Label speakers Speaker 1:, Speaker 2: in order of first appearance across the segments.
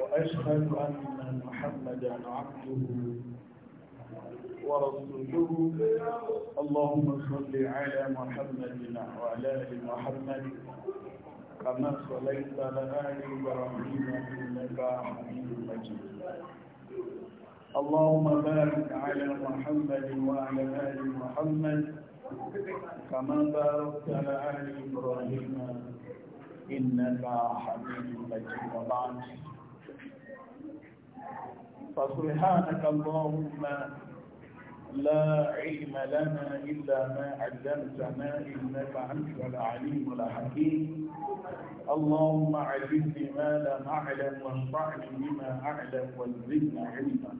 Speaker 1: وأشهد أن محمدا عبده ورسوله اللهم صل على محمد وعلى آل محمد كما صليت على آل إبراهيم إنك حميد مجيد اللهم بارك على محمد وعلى آل محمد كما باركت على آل إبراهيم إنك حميد مجيد وبعد فسبحانك اللهم لا علم لنا إلا ما علمتنا إنك أنت العليم الحكيم اللهم علمني ما لم أعلم وانفعني بما أعلم وزدنا علما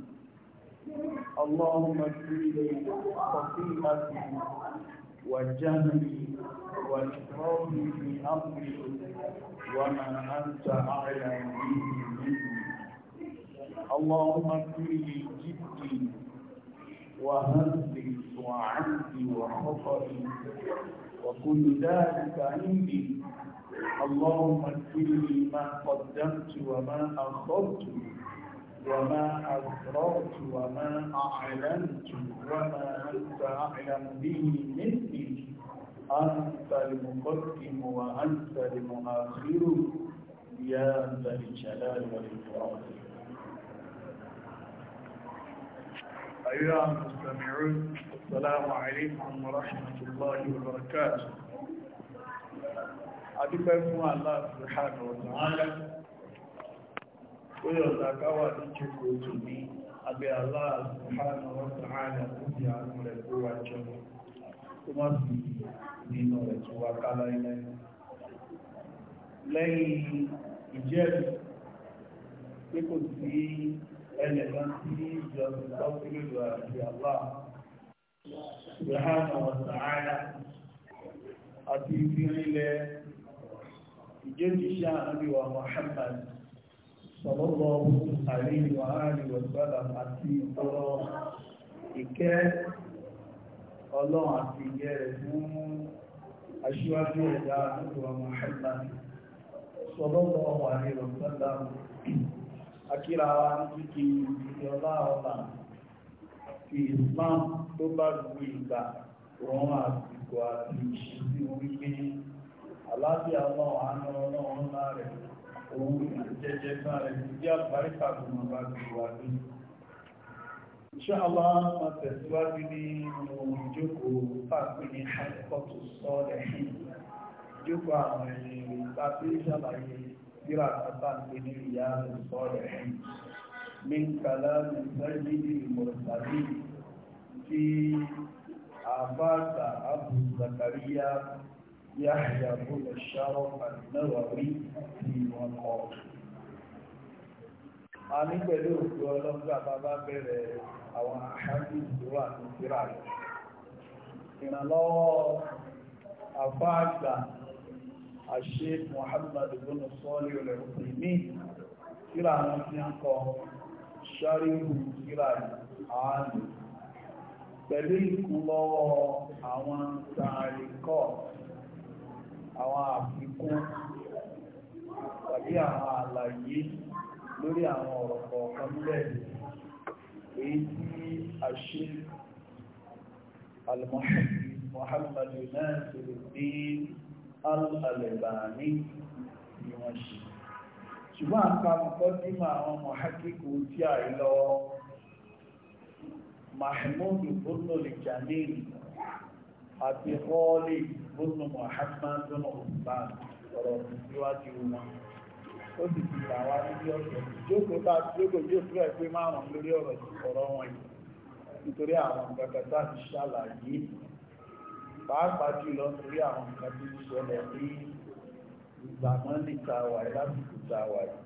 Speaker 1: اللهم اغفر لي خطيئتي وجهلي وإكرامي في أمري وما أنت أعلم به مني اللهم اغفر لي جدي وهمي وعزي وحفري وكل ذلك عندي اللهم اغفر لي ما قدمت وما أخرت وما أسررت وما أعلنت وما أنت أعلم به مني أنت المقدم وأنت المؤخر يا ذا الجلال والإكرام أيها المستمعون السلام عليكم ورحمة الله وبركاته أتكلم الله سبحانه وتعالى ويقول لك أولا تشكوتني أبي الله سبحانه وتعالى أبي أمر القوة ثم أبي من نورك وقال إليه لي إجابة يكون فيه ẹnìkan sí ìjọba ìtọ́sílẹ̀ àti àbá ìhànà ọ̀sàáyà àti ìfìrìnlẹ̀ ìjẹ́jìṣẹ́ àríwá Muhammad sọ̀lọ́lọ́ àríwá àríwá sọ́lá àti ìtọ́rọ ìkẹ́ ọlọ́run àti ìjẹ́ rẹ̀ fún aṣíwájú ẹ̀dá àríwá Muhammad sọ̀lọ́lọ́ àríwá sọ́lá akíra wa ní kíkí ìjọba ọba Islam tó bá gbogbo ìgbà òun àsìkò àti ìṣesí wípé aláàbíà ọlọ́run àánú ọlọ́run ńlá rẹ̀ òun jẹjẹ bá rẹ̀ ti jẹ́ àbáríkà tó mọ̀ bá gbogbo wa lónìí. Inshallah ma tẹ̀síwájú ní ohun ìjókòó pàpín ní àìkọ́ tó sọ́ọ̀lẹ̀ ìjókòó àwọn ẹ̀yìn ìgbà tó ṣàlàyé síra kàtà pé ní ìyá àtúntọ́ rẹ̀ ní kàlá ní sẹ́yìdì mọ̀sálí tí àbáta abu zakariya yahya bùnà sharaf an-nawawi ti wọn kọ a ní pẹ̀lú òkú ọlọ́gbà bàbá bẹ̀rẹ̀ àwọn àṣájú ìdúró Sheikh Muhammad ibn Salih al-Uthaymeen kíra àwọn tí a kọ ṣáríhù kíra àánì pẹ̀lú ikú lọ́wọ́ àwọn tààríkọ́ àwọn àfikún tàbí àwọn àlàyé lórí àwọn ọ̀rọ̀ kọ̀ọ̀kan bẹ́ẹ̀ èyí tí a ṣe al-Muhammad Nasiruddin alàlẹ̀bàní ni wọ́n ṣe ṣùgbọ́n àkàmùkọ́ tí ma àwọn mọ̀hákíkù tí a lọ mahmoud bónú lè jàmílì àti ọ́ọ́lì bónú mọ̀hámádùn ọ̀gbà ọ̀rọ̀ síwájú wọn ó sì ti tàwa níbi ọ̀sẹ̀ jókòó bá jókòó yóò fẹ́ pé márùn-ún lórí ọ̀rọ̀ wọn yìí nítorí àwọn pàápàá jùlọ torí àwọn nǹkan tí ó ṣẹlẹ̀ ní ìgbà náà lè ta wà lásìkò ta wà yìí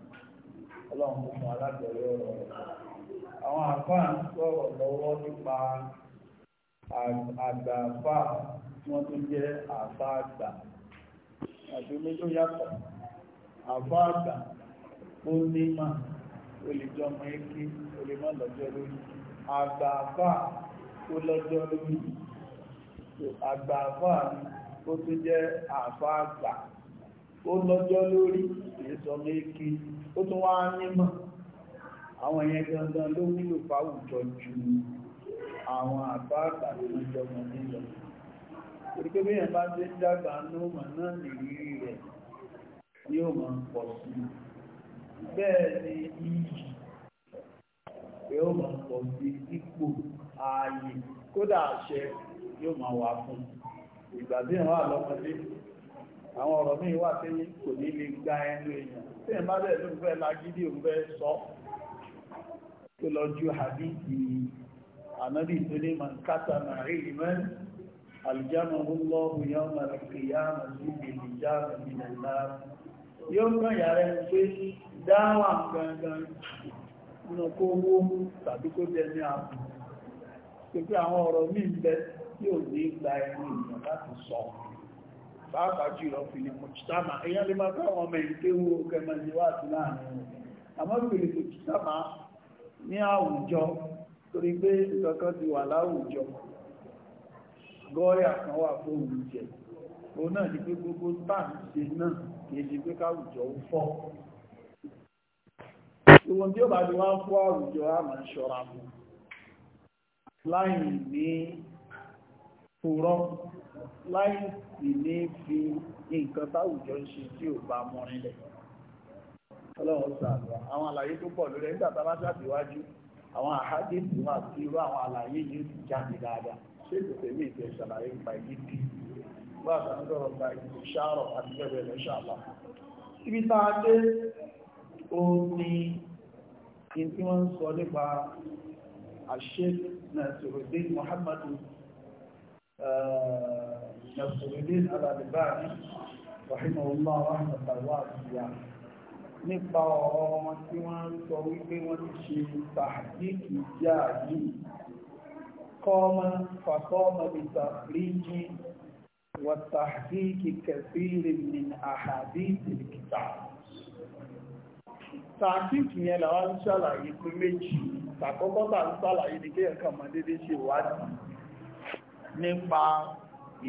Speaker 1: ọlọ́run kò fún alágbẹ̀rẹ̀ ọ̀rọ̀ rẹ̀ àwọn àfáà ń sọ̀rọ̀ lọ́wọ́ nípa àgbà àfáà tí wọ́n tún jẹ́ àfáà àgbà àti méjì yàtọ̀ àfáà àgbà ó ní mà ó ọmọ eke ó lórí àgbà àfáà ó lọ́jọ́ lórí àgbà àfáà ni ó tún jẹ́ àfáà àgbà ó lọ́jọ́ lórí kìí sọ ó tún wá nímọ̀ àwọn ìyẹn gangan ló wúlò fáwùjọ ju àwọn àfáà àgbà tó ń jọmọ nílọ torí pé bíyàn bá ti ń dàgbà nóòmọ̀ náà nìrírí rẹ̀ ni ó máa ń pọ̀ sí bẹ́ẹ̀ ni iyì pé ó máa ń pọ̀ sí ipò ààyè kódà àṣẹ yóò máa wà fún ìgbà tí ìran àlọ́mọdé àwọn ọ̀rọ̀ míì wà tí kò ní lè gba ẹnu èèyàn tí ìbá dẹ̀ ló fẹ́ lágídí òun fẹ́ sọ tó lọ ju àdíjì ànábì tó ní mankata màríì mẹ́rin àlùjámọ̀ lọ́wọ́ yóò máa rẹ̀ kìyàmù sí ìlújámù ìlẹ̀ náà yóò kàn yàrá ẹni pé dáwà gangan nínú kó wó tàbí kó jẹ ní àbù pé àwọn ọ̀rọ̀ míì bẹ́ẹ̀ tí ò ní gba ẹni ìyàn láti sọ pàápàá jùlọ fìlì mọ̀chítàmà èyàn lè máa káwọn ọmọ ìkéwò kẹmẹ́lẹ́wàtí láàrin àmọ́ fìlì mọ̀chítàmà ní àwùjọ torí pé ìtọ́kọ́ ti wà láwùjọ gọ́ọ̀yà kan wà fún òun gbogbo pòrọ́ láì sì ní fi nǹkan táwùjọ ń ṣe tí ò bá mọ nílẹ̀ ọlọ́run sàlọ́ àwọn àlàyé tó pọ̀ lórí nígbà tá a bá ṣàtìwájú àwọn àhádìsì wà sí irú àwọn àlàyé yìí ti jáde dáadáa ṣé kò tẹ̀lé ìfẹ́ ṣàlàyé nípa ìdí wà sàǹdọ̀rọ̀ gba ìṣàrọ̀ àti bẹ́ẹ̀ lọ ṣàlá ibi tá a dé ó ní kí n tí wọ́n ń sọ nípa àṣẹ Nasiruddin Muhammadu nàṣòrìlín alàdìbáàrí rahim allah rahmat allah àtìyà nípa ọ̀rọ̀ wọn tí wọ́n ń sọ wípé wọ́n ti ṣe tàbíkì jà yìí kọ́mọ fàkọ́mọ ìtàríjì wàtàdíkì kẹfìrì ní àhàdíkì kìtàbí tàkìkì yẹn làwọn nípa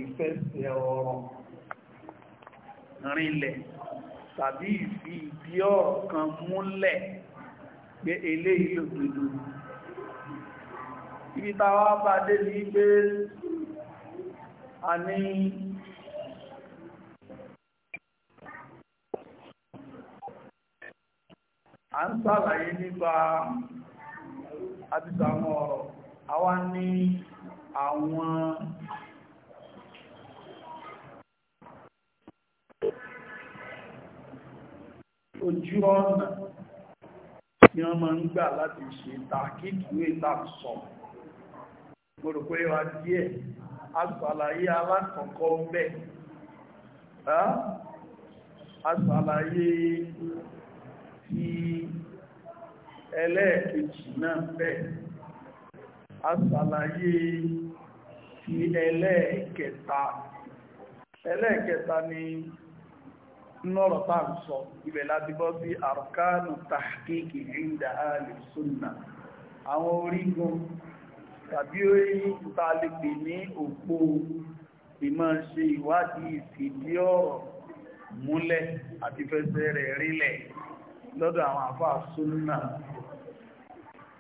Speaker 1: ìfẹsẹ̀ ọ̀rọ̀ rinlẹ̀ tàbí ìfi ìdí ọ̀rọ̀ kan múlẹ̀ pé eléyìí lòdòdó ibi táwa bá dé ní pé a ní a ń sàlàyé nípa àti àwọn ọ̀rọ̀ àwa ní àwọn ojú ọ̀nà tí wọ́n máa ń gbà láti ṣe tàkìtìwé ìtàkùsọ̀ mo rò pé wá díẹ̀ aṣàlàyé alákọ̀ọ́kọ́ ń bẹ̀ aṣàlàyé ti ẹlẹ́ẹ̀kejì náà bẹ̀ aṣàlàyé sí ẹlẹ́ẹ̀kẹta ẹlẹ́ẹ̀kẹta ni nọ́rọ̀ tá ń sọ ibẹ̀ láti bọ́ sí arkanu tahqiqi inda ahli sunna àwọn orígun tàbí orí ìtàlẹ̀pẹ̀ ní òpó ìmọ̀ ṣe ìwádìí ìfìdí ọ̀rọ̀ múlẹ̀ àti fẹsẹ̀ rẹ̀ rílẹ̀ lọ́dọ̀ àwọn àfáà sunna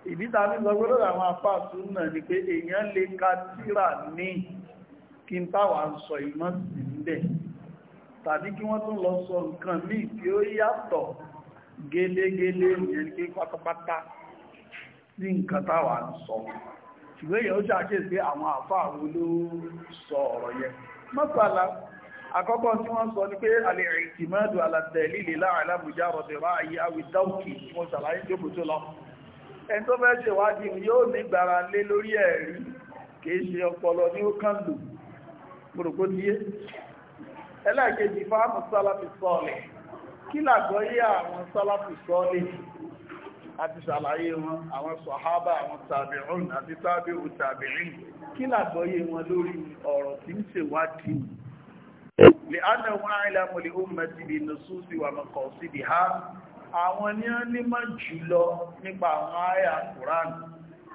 Speaker 1: ìdíta ní lọ́gbọ́dọ̀ àwọn afáàtún náà ni pé èèyàn lè ka tíra ní kí n táwà ń sọ ìmọ̀ sí níbẹ̀ tàbí kí wọ́n tún lọ sọ nǹkan míì tí ó yàtọ̀ gẹ́lẹ́gẹ́lẹ́ ìyẹn pé pátápátá sí nǹkan táwà ń sọ ṣùgbọ́n èèyàn ó ṣàkíyè pé àwọn àfáà wo ló sọ ọ̀rọ̀ yẹn mọ́sàlá àkọ́kọ́ tí wọ́n sọ ní pé alẹ́ ìtìmọ́dù alàtẹ̀lì lè láàrín alábùjá rọ̀dẹ̀rọ̀ ayé awìdáòkì wọ́n ṣàlàyé jókòó tó lọ ẹni tó fẹ́ ṣèwádìí yóò ní gbára lé lórí ẹ̀rí kìí ṣe ọpọlọ ní ó kàn lò díé ẹlẹ́ẹ̀kejì fáàmù sálàfì sọ́ọ̀lẹ̀ kí làgbọ́yé àwọn sálàfì sọ́ọ̀lẹ̀ àti ṣàlàyé wọn àwọn sọ̀hábà àwọn tàbíùn àti tàbíù tàbíìn kí làgbọ́yé wọn lórí ọ̀rọ̀ tí ń ṣèwádìí lè ánà wọn àìlàmù ó mẹ́sìlì ha àwọn ní ó nímọ̀ jùlọ nípa àwọn àyà Quran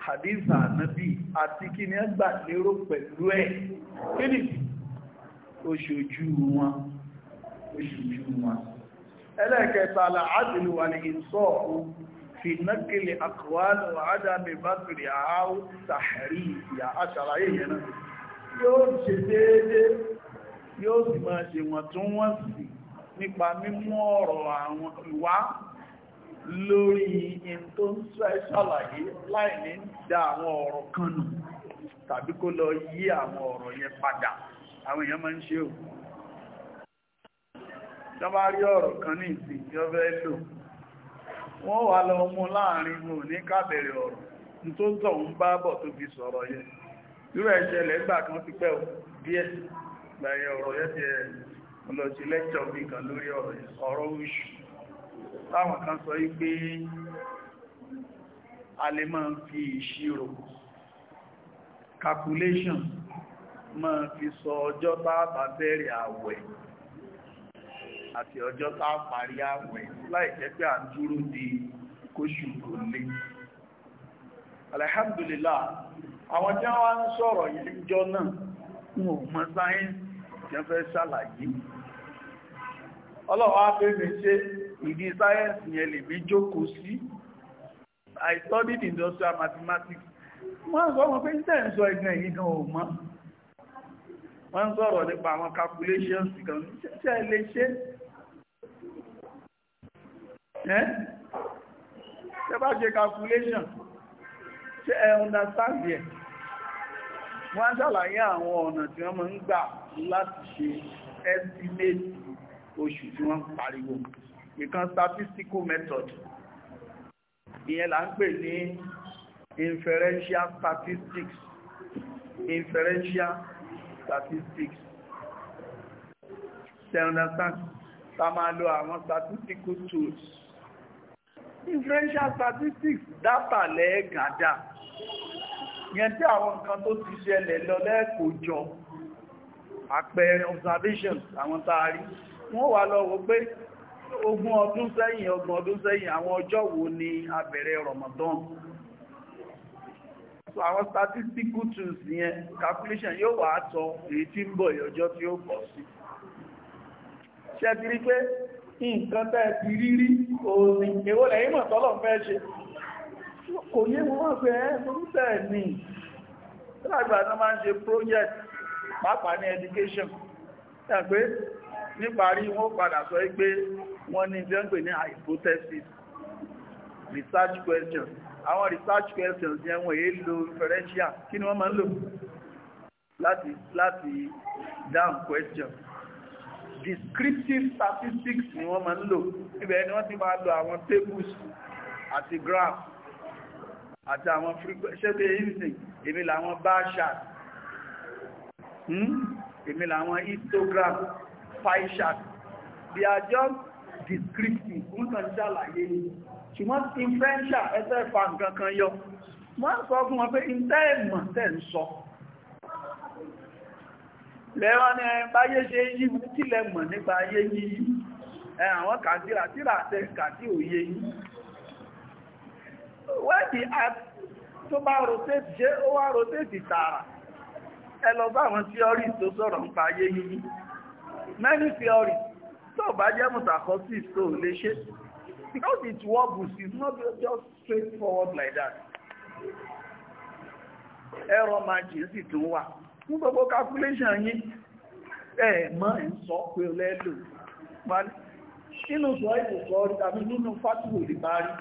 Speaker 1: hadith anabi àti kí ni ẹ gbà lérò pẹ̀lú ẹ̀ kí ni oṣojú wọn oṣojú wọn ẹlẹ́ẹ̀kẹta al-adlu wal-insaf fi naqli al-aqwal wa adami bákìrì tàhẹ̀rí ìyà aṣàlàyé yẹn yóò sì máa ṣe wọ̀n tún wọ́n sì nípa mímú ọ̀rọ̀ àwọn ìwá lórí in tó ń ṣàlàyé láì ní dá àwọn ọ̀rọ̀ kan nù tàbí kó lọ yí àwọn ọ̀rọ̀ yẹn padà àwọn èèyàn máa ń ṣe ò jọba rí ọ̀rọ̀ kan ní ìsìn tí ó fẹ́ lò wọ́n wà lọ mú láàrin mú ní kábẹ̀rẹ̀ ọ̀rọ̀ tó tọ̀ ń bá kan ti pẹ́ díẹ̀ ọ̀rọ̀ ti ẹ̀ lọ sí bí táwọn kan sọ wípé a lè máa fi ìṣirò calculation máa fi sọ ọjọ́ tá bá bẹ̀rẹ̀ àwẹ̀ àti ọjọ́ tá parí àwẹ̀ láì jẹ́ pé à ń dúró di kóṣù kò lè alhamdulillah àwọn tí wọ́n ń sọ̀rọ̀ yìí jọ náà wọn ò mọ̀ sáyẹ́nsì tí wọ́n fẹ́ ṣàlàyé ọlọ́wọ́ á fẹ́ mi ṣe ìdí sáyẹ́ǹsì yẹn lè bí jókòó sí I studied industrial mathematics wọ́n sọ wọn pé ìtẹ́ ìsọ ẹgbẹ́ yìí gan ò mọ̀ wọ́n sọ̀rọ̀ nípa àwọn calculations gan ṣe lè ṣe ẹ́ ṣe bá ṣe calculation ṣe ẹ understand yẹ wọ́n ṣàlàyé àwọn ọ̀nà tí wọ́n mọ̀ ń gbà láti ṣe estimate oṣù tí wọ́n pariwo ìkan statistical method ìyẹn là ń pè ní inferential statistics inferential statistics ṣe understand ta máa lo àwọn statistical tools inferential statistics data lẹ́ẹ̀gàdà yẹn tí àwọn nǹkan tó ti ṣẹlẹ̀ lọ lẹ́ẹ̀kójọ àpẹẹrẹ observations àwọn tààrí wọ́n wà lọ pé ogun ọdún sẹ́yìn ọgbọ̀n ọdún sẹ́yìn àwọn ọjọ́ wo ni a bẹ̀rẹ̀ Ramadan so àwọn statistical tools yẹn calculation yóò wà tọ èyí tí ń bọ̀ ìyọjọ́ tí ó pọ̀ sí ṣe ti rí pé nǹkan tẹ́ ti rí òní èwo lẹ́yìn mọ̀ tọ́lọ̀ fẹ́ ṣe kò yé mọ́ pé ẹ́ ní máa ń ṣe project pàápàá ní wọ́n ní jẹ́ ń pè ní hypothesis research questions àwọn research questions yẹn wọ́n èé lo referential kí ni wọ́n máa ń lò láti láti down question descriptive statistics ni wọ́n máa ń lò ibẹ̀ ni wọ́n ti máa lo àwọn tables àti graph àti àwọn ṣẹ́bẹ̀ instinct èmi làwọn bar chart hmm? èmi làwọn histogram, pie chart they are just descriptive ń tàn ṣàlàyé ni ṣùgbọ́n influential ẹsẹ̀ fa nǹkan kan yọ wọ́n sọ fún wọn pé ìtẹ́ ìmọ̀ tẹ́ ń sọ lẹ́wọ́n ni báyé ṣe yí tílẹ̀ mọ̀ nípa ayé yíyí ẹ àwọn kàtíra tíra àtẹ kàtí òye yìí wẹ́ẹ̀dì tó bá rotate ṣe ó wá rotate tààrà ẹ lọ bá àwọn theories tó sọ̀rọ̀ nípa ayé yíyí many theories tó bá jẹ́ mùtàkọ́sìs tó lè ṣe because it wobbles it's not just straightforward like that ẹ̀rọ magic sì tún wà fún gbogbo calculation yín ẹ̀ mọ́ ń sọ pé lẹ́lò nínú sọ ìbùkọ́rí tàbí nínú fátìwò lè bá rí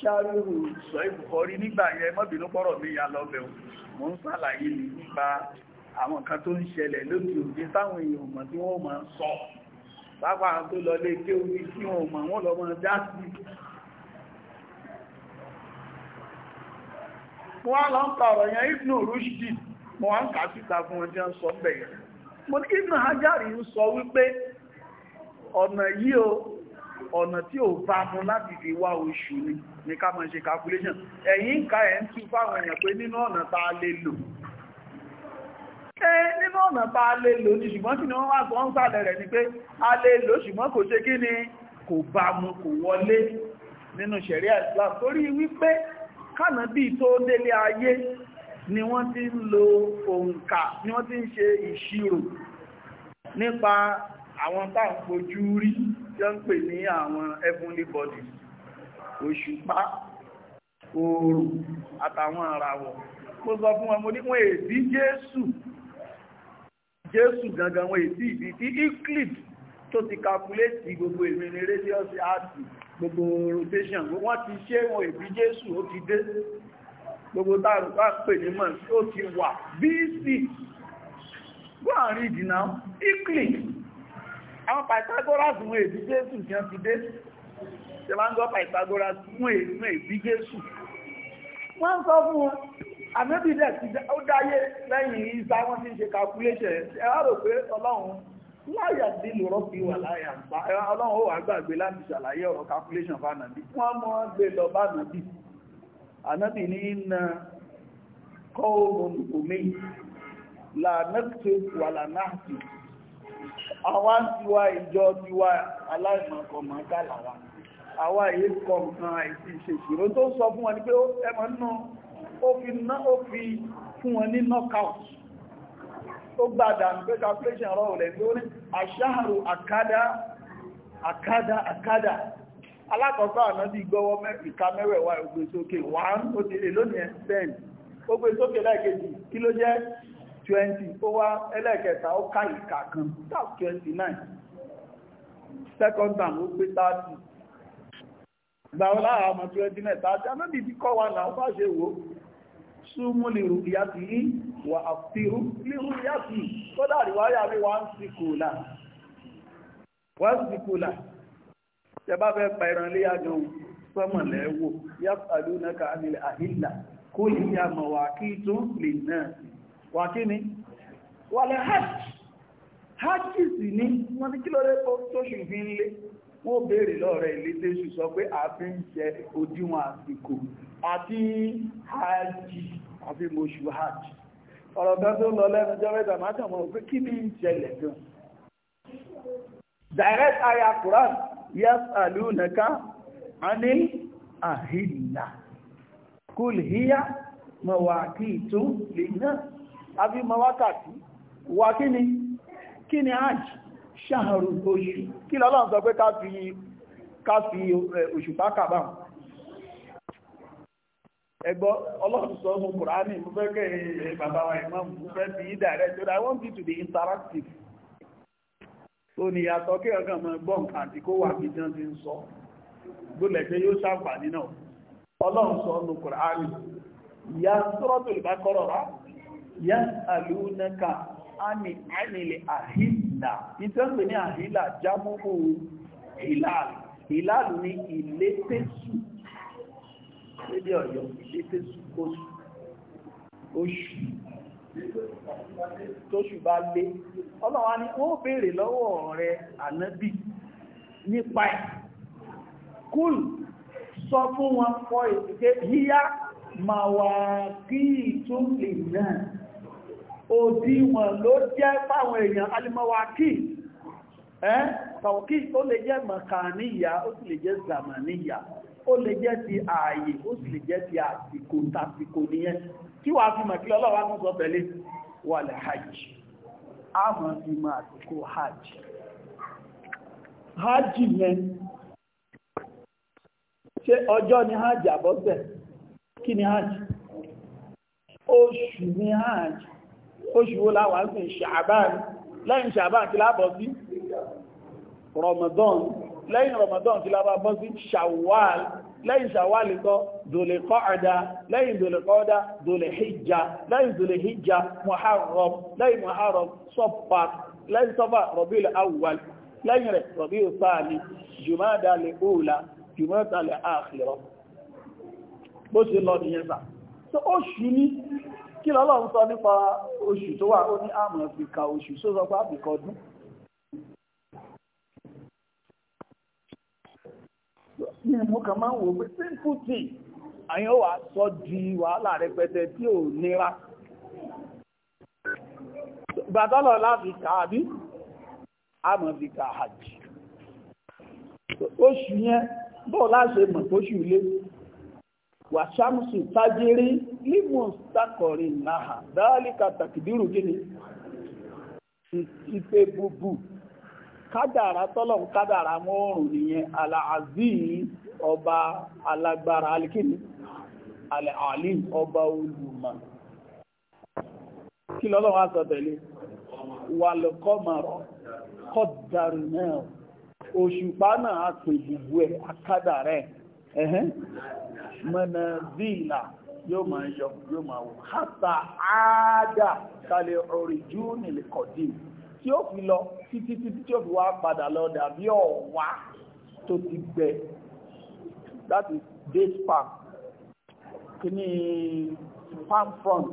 Speaker 1: ṣáríhù sọ ìbùkọ́rí nígbà yẹn mọ́bìnú pọ́rọ̀ mi yà lọ́bẹ̀ mọ́ ń sàlàyé nípa àwọn kan tó ń ṣẹlẹ̀ lókè òjé táwọn èèyàn mọ̀ tí wọ́n máa sọ pápá tó lọ lé kí omi kí wọn mọ̀ wọ́n lọ mọ́ dá sí mo wá lọ ń pa ọ̀rọ̀ yẹn Ibnu Rushdi mo wá ń kà síta fún wọn jẹ́ ń sọ bẹ̀yẹ̀ mo ní Ibnu Hajari ń sọ wípé ọ̀nà yìí ọ̀nà tí ò bá mú láti fi wá oṣù ni ká mọ̀ ṣe calculation ẹ̀yìn ń ka ẹ̀ ń tú fáwọn èèyàn pé nínú ọ̀nà tá a lè lò nínú ọ̀nà bá lè lò ní ṣùgbọ́n kí ni wọ́n wá sọ ń sàlẹ̀ rẹ̀ ni pé a lè lò ṣùgbọ́n kò ṣe kí ni kò bá mu kò wọlé nínú ṣẹ̀ríà Islam torí wípé kánàbí tó délé ayé ni wọ́n ti ń lo òǹkà ni wọ́n ti ń ṣe ìṣirò nípa àwọn tá ń fojú rí tí ó ń pè ní àwọn heavenly bodies òṣùpá oòrùn àtàwọn àràwọ̀ mo sọ fún ọmọdé wọn èdí Jésù jésù gangan wọn èdí ìdí tí euclid tó ti calculate gbogbo ìrìn radius àti gbogbo rotation wọ́n ti ṣe wọn èdí jésù ó ti dé gbogbo tààrùpá pè ní mọ̀ ó ti wà bc go and read now euclid àwọn pythagoras wọn èdí jésù kí wọ́n ti dé ṣe máa ń gọ́ pythagoras wọn èdí jésù wọ́n sọ fún wọn ànábì dẹ̀ ti ó dáyé lẹ́yìn ìsá wọ́n ti ń ṣe calculation ẹ wá rò pé ọlọ́run láyà dínú rọ́pì wà láyà ń pa ẹ ọlọ́run ó wà gbàgbé láti ṣàlàyé ọ̀rọ̀ calculation fún ànábì wọ́n mọ́ gbé lọ bá ànábì ànábì ní iná kọ́ ohun omi lànàkùtù wà lànàkùtù àwa ń tiwa ìjọ tiwa aláìmọ̀kọ̀mọ̀ká làwa àwa èyí kọ̀ọ̀kan àìsí ìṣèṣirò tó sọ fún wọn ni pé ẹmọ ó fi ná ó fi fún wọn ní knockout ó gbádà pé calculation ọ̀rọ̀ olè tó ní àṣáàrù àkádá àkádá àkádà alákọ̀ọ́kọ́ àná bí gbọ́wọ́ ìka mẹ́wẹ̀wà ó gbé sókè 1 ó ti lè lónìí 10 ó lẹ́ẹ̀kejì kí ló jẹ́ 20 ó wá ẹlẹ́ẹ̀kẹta ó ká ìka kan 29 second time ó gbé 30 gbàwọ́ láàá ọmọ 29 àti anábìbí kọ́ wa náà ó bá ṣe wò ó súnmú lè rú ìyá ti yí wà àfihù lè rú ìyá ti yí kódà àríwáyà mi wà ń sì kùlà wà ń sì kùlà tẹ bá fẹ́ pa ìran léyà gan sọ́mọ̀ lẹ́wọ̀ yá pàdú náà ká nílẹ̀ àhílà kó lè yá mọ̀ wà kí tó lè náà wà kí ni wà lẹ́ hajj hajj sì ni wọ́n ní kí ló dé tó ṣùgbọ́n lé wọ́n béèrè lọ́rẹ̀ ìlétẹ́sù sọ pé a ń jẹ òdiwọ̀n àsìkò àti hajj àfi mo ṣù hajj ọ̀rọ̀ kan tó lọ lẹ́nu jẹ́ mẹ́ta máa kàn mọ́ pé kí ni ìṣẹ̀lẹ̀ gan direct aya Quran yes alunaka anil ahilla kul hiya mawaqitu linnas àfi mawakati wà kí ni hajj ṣàrùn oṣù kí lọ́lọ́run sọ pé ká fi òṣùpá kàbáwọn ẹgbọ́ ọlọ́run sọ mú kùránì mú fẹ́ kẹ́ ẹ̀yẹ bàbá mú fẹ́ bí i direct so to be interactive so ni ìyàtọ̀ kí ọ̀gá mọ̀ àti kó wà bí ti ń sọ gbọ́lẹ̀ pé yóò ṣàǹfààní náà kùránì ìyá sọ́rọ́ tó lè bá kọ́rọ̀ rá ìyá àlùnẹ́ka àmì àhílà ní àhílà lédè ọ̀yọ́ ìṣẹ́fẹ́ oṣù oṣù tóṣù bá lé ọlọ́wà ni ó béèrè lọ́wọ́ rẹ̀ ànábì nípa ẹ̀ kúl sọ fún wọn fọ́ ìpìtẹ́ yíyá ma wà kí tún lè náà òdíwọ̀n ló jẹ́ fáwọn èèyàn alimọ́wà kí ẹ́ tàwọ̀kí ó lè jẹ́ mọ̀kàníyà ó sì lè jẹ́ zàmàníyà ó lè jẹ́ ti ààyè ó sì lè jẹ́ ti àsìkò tàsìkò nìyẹn kí wàá fi mọ̀ kí ọlọ́wà mú sọ tẹ̀lé wà lẹ̀ hajj a mọ̀ fi mọ̀ àsìkò hajj hajj yẹn ṣé ọjọ́ ni hajj àbọ́sẹ̀ kí ni hajj oṣù ni hajj oṣù wo láwà ń sìn ṣàbáà lẹ́yìn ṣàbáà kí lábọ̀ sí Ramadan lẹ́yìn Ramadan ti lábá bọ́ sí Shawwal lẹ́yìn Shawwal kọ́ Dhul Qa'da lẹ́yìn Dhul Qa'da Dhul Hijja lẹ́yìn Dhul Hijja Muharram lẹ́yìn Muharram Safar lẹ́yìn Safar Rabiul Awwal lẹ́yìn rẹ̀ Rabiul Thani Jumada al-Ula Jumada al-Akhira bó ṣe lọ nìyẹn sà tó oṣù ní ní mo kàn máa ń wò pé simple thing àyàn wà sọ di wàhálà rẹpẹtẹ tí ò nira gbàtọ́lọ̀ láti kàábí àmọ́ fi kà hajj oṣù yẹn bọ́ọ̀ láṣẹ mọ̀ oṣù ilé wà tajiri limus takọrin náà dáálíkà tàkìdírù gíní ìpé búbù kádàrá tọ́lọ̀ ń kádàrá mọ́rùn nìyẹn aláàzíì ọba alágbára alikini alẹ́ ọba olùmọ̀ kí lọ́lọ́ wá sọ tẹ̀lé wà lọ́kọ́mọ̀rọ̀ kọ́dàrú náà òṣùpá náà a pè gbogbo ẹ̀ akádàrá ẹ̀ mọ̀nà zíìlà yóò máa yọ yóò máa wò hátà áádà kalẹ̀ ọ̀rìjú nílẹ̀ tí ó fi lọ títí títí tí ó fi wá padà lọ dàbí ọ̀wá tó ti gbẹ that is date palm kíní palm front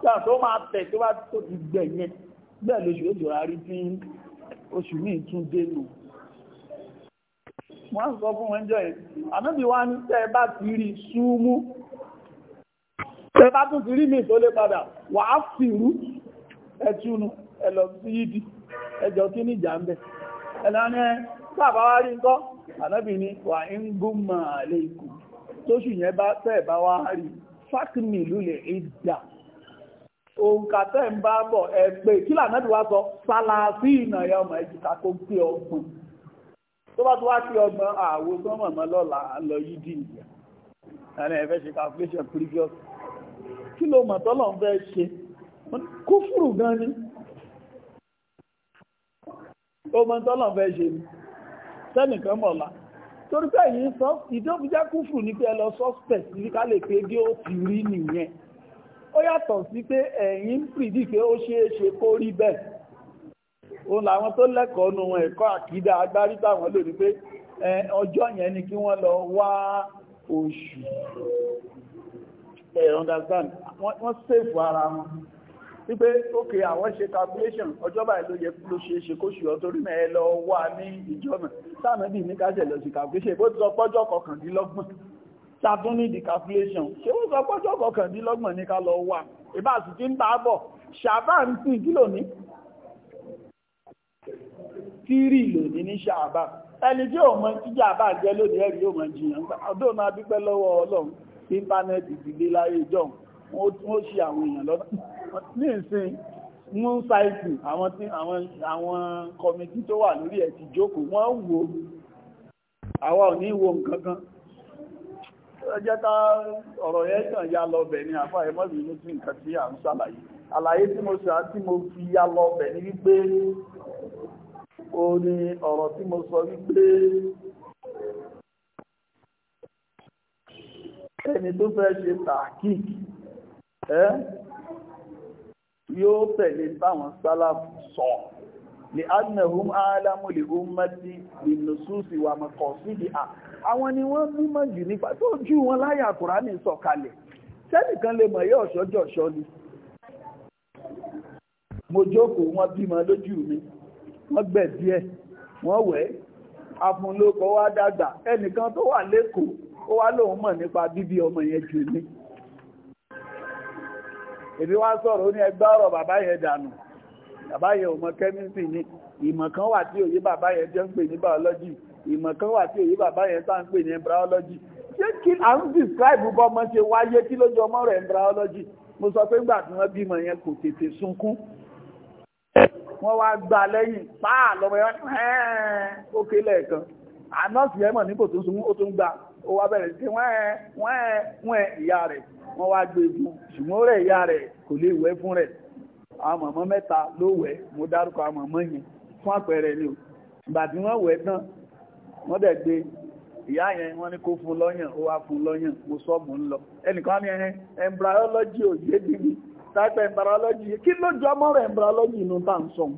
Speaker 1: tí àtọ́ máa tẹ̀ tó bá tó ti gbẹ yẹn bẹ́ẹ̀ lóṣù ó jọra rí tí oṣù míì tún dé lò wọ́n sọ fún wọn jọ ànábì wá ní tẹ́ bá ti rí súnmú tẹ́ bá tún ti rí mi tó lé padà wà á fìrú ẹ̀túnu ẹ̀lọ́sí yídìí ẹjọ́ kí ní ìjà ń bẹ̀ ẹ̀lànà bàbá wá rí ńkọ́ ànábì ni wà ń gúnmọ̀ àlẹ́ ikú tóṣù yẹn bá tẹ́ bá wá rí fákìmì lulẹ̀ ìdà òǹkà tẹ́ ń bá bọ̀ ẹ pé kí lànábì wá sọ sálàáfì ìnàyà ọmọ ẹ̀jìká tó pé ọgbọ̀n tó bá tó wá sí ọgbọ̀n àwo tó mọ̀mọ́ lọ́la lọ yí dì ìyà ẹ̀rọ ẹ̀fẹ́ ṣe calculation previous kí ló mọ̀ tọ́lọ̀ ń fẹ́ ṣe kúfùrù gan ni ó mọ́ tọ́lọ̀ fẹ́ ṣe ní sẹ́nìkan mọ̀lá torí pé yìí sọ ìdóbíjá kúfù ní pé ẹ lọ sọ specifically pé gé ó ti rí nìyẹn ó yàtọ̀ sí pé ẹ̀yin pìdí pé ó ṣeé ṣe kó rí bẹ́ẹ̀ òun làwọn tó lẹ́kọ̀ọ́ nu wọn ẹ̀kọ́ àkídá agbárí táwọn lò ní pé ọjọ́ yẹn ni kí wọ́n lọ wá oṣù ẹ̀ understand wọ́n sèfù ara wọn wípé ókè àwọn ṣe calculation ọjọ́ báyìí ló yẹ ló ṣe é ṣe kó ṣùọ́ torí náà ẹ lọ wà ní ìjọba sáàmì bíi ní káṣẹ̀ lọ sí calculation bó ti sọ pọ́jọ́ kọkàndínlọ́gbọ̀n ṣàtún ní di calculation ṣé ó sọ pọ́jọ́ kọkàndínlọ́gbọ̀n ní ká lọ wà ìbá sì ti ń bá a bọ̀ ṣàbán sí ìdílò ní tírì lòní ní ṣàbá ẹni tí ò mọ jíjà bá jẹ lónìí ẹ̀rí yóò mọ jiyàn ọdún náà dúpẹ́ lọ́wọ́ Ọlọ́run íńtánẹ́ẹ̀tì ti dé láyé ìjọhùn wọ́n ṣe àwọn èèyàn lọ́nà ní ìsìn moon cycle àwọn tí àwọn kọmití tó wà lórí ẹ̀ ti jókòó wọ́n wò àwa ò ní wo nǹkan ẹjẹ́ ọ̀rọ̀ yẹn ya lọ bẹ̀ ni àfà ẹmọ́bì inú sí nǹkan tí à ń ṣàlàyé àlàyé tí mo mo fi ya lọ ni wípé o ni ọ̀rọ̀ tí mo sọ wípé ẹni tó fẹ́ ṣe tàkíkì ẹ́ yóò tẹ̀lé táwọn sálàfù sọ lè adnahum alamu lè ummati lè nùsùsì wà mọ̀kọ̀ di à àwọn ni wọ́n mímọ̀ jù nípa tó jù wọn láyà Kùránì sọ̀kalẹ̀ sẹ́nìkan lè mọ̀ yóò ṣọ́jọ́ṣọ́ ni mo jókòó wọ́n bímọ lójú mi Wọn gbẹ̀ díẹ̀ Wọn wẹ̀ afúnlókọ̀ wa dàgbà ẹnìkan tó wà lẹ́kọ̀ọ́ ó wá lóun mọ̀ nípa bíbí ọmọ yẹn jù mi. èbí wá sọ̀rọ̀ ó ní ẹgbẹ́ ọ̀rọ̀ bàbá yẹn dànù bàbá yẹn ò mọ kẹ́mísì ni ìmọ̀ kan wà tí òye bàbá yẹn jẹ́ ń pè ní biology ìmọ̀ kan wà tí òye bàbá yẹn tá ń pè ní embryology ṣé kí à ń describe bọ́ ọmọ ṣe wáyé kí lójú ọmọ rẹ̀ embryology mo sọ pé gbà tí wọ́n bímọ yẹn kò tètè sunkún wọ́n wá gbà lẹ́yìn páà lọ́mọ yẹn ó kélé ẹ̀kan àná sì ẹ̀ mọ̀ nípò tó sunkún ó tún gbà ó wa bẹ̀rẹ̀ sí wọ́n ẹ̀ wọ́n ẹ̀ wọ́n ẹ̀ ìyá rẹ̀ wọ́n wá gbé fún ṣùgbọ́n rẹ̀ ìyá rẹ̀ kò lè wẹ́ fún rẹ̀ àwọn mọ̀mọ́ mẹ́ta ló wẹ́ mo dárúkọ àwọn mọ̀mọ́ yẹn fún àpẹẹrẹ ni o ìgbà tí wọ́n tán wọ́n dẹ̀ gbé ìyá yẹn wọ́n ní kó fún lọ́yàn ó wá fún lọ́yàn mo sọ mò ń lọ ẹnìkan embryology ò yé bí mi embryology kí ló embryology inú tá à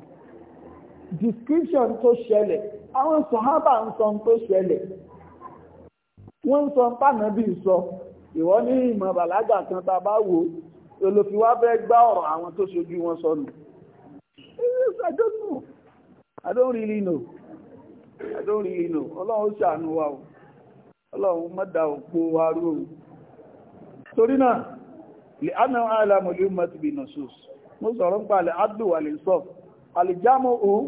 Speaker 1: description tó ṣẹlẹ̀ àwọn sọ̀hábà ń sọ tó ṣẹlẹ̀ wọ́n ń sọ tánàbí sọ ìwọ ní ìmọ̀ bàlágà kan tá a bá wò olófi wá fẹ́ gbá ọ̀rọ̀ àwọn tó ṣojú wọn sọnù I don't know I don't really know I don't really know ọlọ́run ṣàánú wa o ọlọ́run mọ́dà òpó wa rú o torí náà lè ánà àìlàmọ̀lú mọ́tìbì nọ̀ṣùs mo sọ̀rọ̀ ń pa lè ádùwà lè sọ alìjámọ́ òun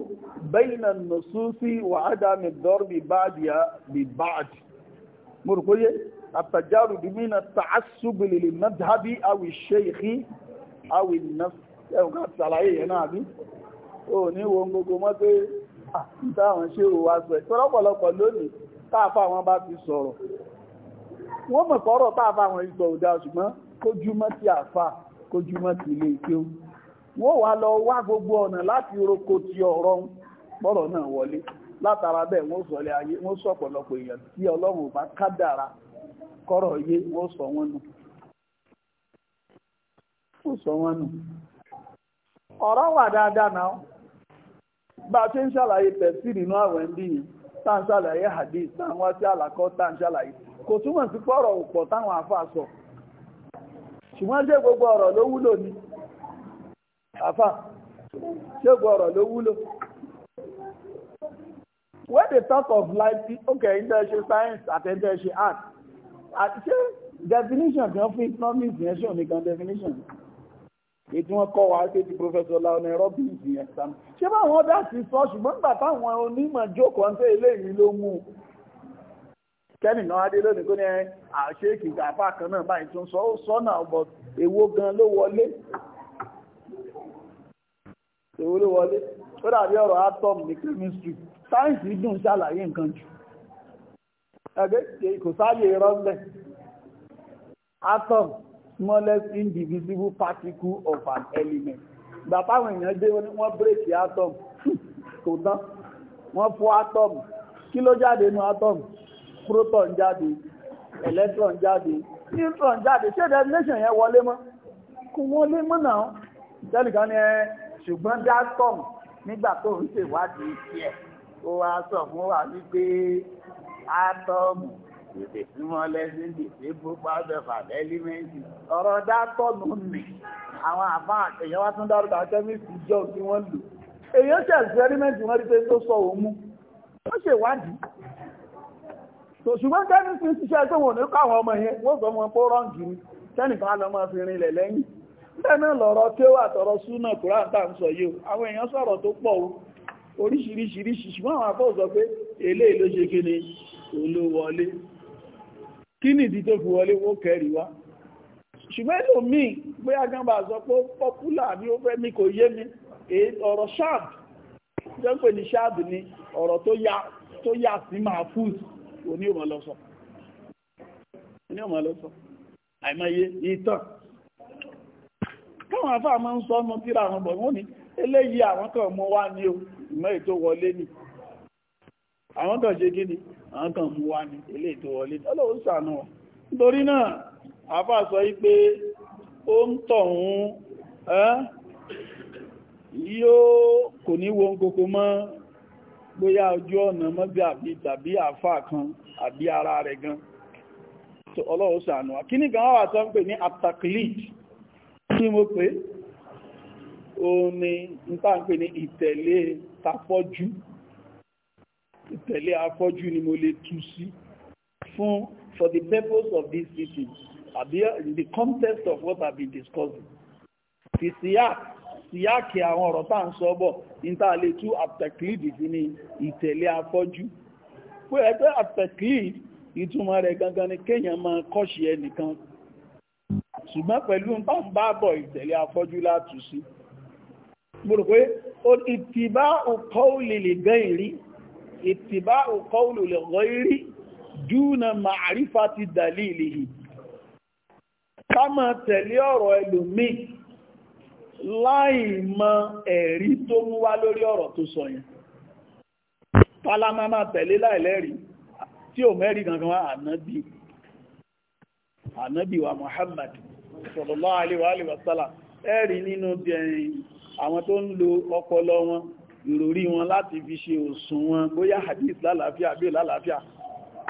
Speaker 1: bẹ́yìn nà nọ̀ṣùsí wà ádámì dọ́rù bí báàdì mo rò kóyé àtàjárù dìmínà tààsùbìlìlì madhabi awi sheikhi awi nafs ẹ̀wọ̀n ká ṣàlàyé yẹn náà bí ó ní wo gbogbo mọ́ pé táwọn ṣe ò wá sọ ìtọ́rọ̀ pọ̀lọpọ̀ lónìí táàfà wọn bá ti sọ̀rọ̀ wọ́n mọ̀ pọ̀rọ̀ táàfà wọn ìsọ̀ òdá ṣùgbọ́n kójúmọ́ ti àfà kójúmọ́ ti ilé ike wọ́n wá lọ wá gbogbo ọ̀nà láti roko ti ọ̀rọ̀ pọ̀rọ̀ náà wọlé látara bẹ́ẹ̀ wọ́n sọ ilé ayé wọ́n sọ tí ọlọ́run bá kọ́rọ̀ yé wọ́n sọ wọn nù. ọ̀rọ̀ wà dáadáa náà bá a ṣe ń ṣàlàyé tẹ̀síìrì àwẹ̀ yìí tá ń ṣàlàyé hadith tá ń wá sí àlàkọ́ tá ń ṣàlàyé kò túmọ̀ sí pọ̀rọ̀ táwọn sọ when they talk of life okay internship science àti internship art àti ṣé definition of fún economics yẹn ṣé ònìkan definition ètò wọn kọ́ wa ṣe ti professor laone robbins yẹn sàmì ṣé báwọn dá sí sọ ṣùgbọ́n nígbà táwọn onímọ̀ jókòó ń pé eléyìí ló mú un kẹ́nìkan adé lónìí kó ní eh, àṣéèkì gàfà kan náà báyìí tún sọ ó sọ́nà ọ̀bọ̀ èwo gan ló wọlé èwo ló wọlé ó dàbí ọ̀rọ̀ atom ní chemistry sáyẹ̀nsì dùn ṣàlàyé nǹkan jù ẹgbẹ́ kò sáyé rọ́gbẹ̀ atom smallest indivisible particle of an element gbàtàwọn èèyàn dé wọ́n bírèkì atom kò tán wọ́n fọ́ atom kí ló jáde nínú atom proton jáde electron jáde neutron jáde ṣé definition yẹn wọlé mọ́ kò wọlé mọ́ náà jẹ́nìkan ni ẹ ṣùgbọ́n dátọ̀m nígbà tó ń ṣèwádìí tiẹ̀ ó wá sọ fún wa wípé átọ́ọ̀mù ìdè tí wọ́n lẹ́sí ìdè bó pàdé fàdẹ́límẹ́ntì ọ̀rọ̀ dátọ́ọ̀mù nì àwọn àfáà èèyàn wá tún dárúkọ akẹ́mìsì jọ kí wọ́n lò èèyàn ṣe ẹ̀sìrẹ́mẹ́ntì wọ́n rí pé tó sọ òun mú ó ṣèwádìí tò ṣùgbọ́n kẹ́mìsì ń ṣiṣẹ́ tó wọ̀n ní káwọn ọmọ yẹn wọ́n sọ wọn pó rọ́ǹgì ni kẹ́nìkan lọ máa fi rinlẹ̀ lẹ́yìn bẹ́ẹ̀ náà lọ̀rọ̀ kéwà tọ̀rọ̀ súnà kúrántà ń sọ yìí àwọn èèyàn sọ̀rọ̀ tó pọ̀ oríṣiríṣiríṣi ṣùgbọ́n àwọn afọ́ sọ pé èlé ló ṣe kí ni ló wọlé kí nìdí tó fi wọlé wó kẹrì wá ṣùgbọ́n èlò míì pé agánbà sọ pé pọ́pùlà ní ó fẹ́ mi kò yé mi ọ̀rọ̀ ṣáàb jẹ́ pé ní ṣáàb ni ọ̀rọ̀ tó yà sí máa fúùs òní ò mọ̀ lọ sọ àìmọye ìtàn káwọn afá máa ń sọ ọmọ tíra àwọn bọ̀ wọ́n ni eléyìí àwọn kan mọ́ wá ní o ṣùgbọ́n ètò wọlé ni àwọn kan ṣe gini àwọn kan mú wá ní ilé wọlé ni ọlọ́run ṣàánú wa nítorí náà àbá sọ wípé ó ń tọ̀hún yóò kò ní wo kòkó mọ́ bóyá ojú ọ̀nà mọ́bí àbí tàbí kan àbí ara rẹ̀ gan ọlọ́run ṣàánú wa kí ni wà sọ pe ní aptaklid mo ní tafọ́jú ìtẹ̀lé afọ́jú ni mo lè tú sí fún for the purpose of this meeting àbí in the context of what I've been discussing ti siyak síyáàkì àwọn ọ̀rọ̀ tá à ń sọ bọ̀ níta lè tú àtẹ̀kìlìdì sí ní ìtẹ̀lé afọ́jú pé ẹgbẹ́ àtẹ̀kìlìdì ìtumọ̀ rẹ̀ gangan ni kéèyàn máa kọ́ṣe ẹnìkan ṣùgbọ́n pẹ̀lú bá ń bá bọ̀ ìtẹ̀lé afọ́jú látù sí gbogbo pé ìtìbá òkọ́ùlì lè gan ìrí ìtìbá òkọ́ùlì lè gọ́ ìrí dúnà màárífà ti dàlí ìlèyìn ká máa tẹ̀lé ọ̀rọ̀ ẹlòmí láì mọ ẹ̀rí tó mú wá lórí ọ̀rọ̀ tó sọ yẹn pálámá máa tẹ̀lé láìlẹ́rí tí ò mẹ́rí kankan wá ànábì ànábì wa Muhammad sallallahu alaihi nínú bẹ̀rẹ̀ àwọn tó ń lo ọpọlọ wọn ìròrí wọn láti fi ṣe òṣùwọ̀n bóyá hadith lálàáfíà bí lálàáfíà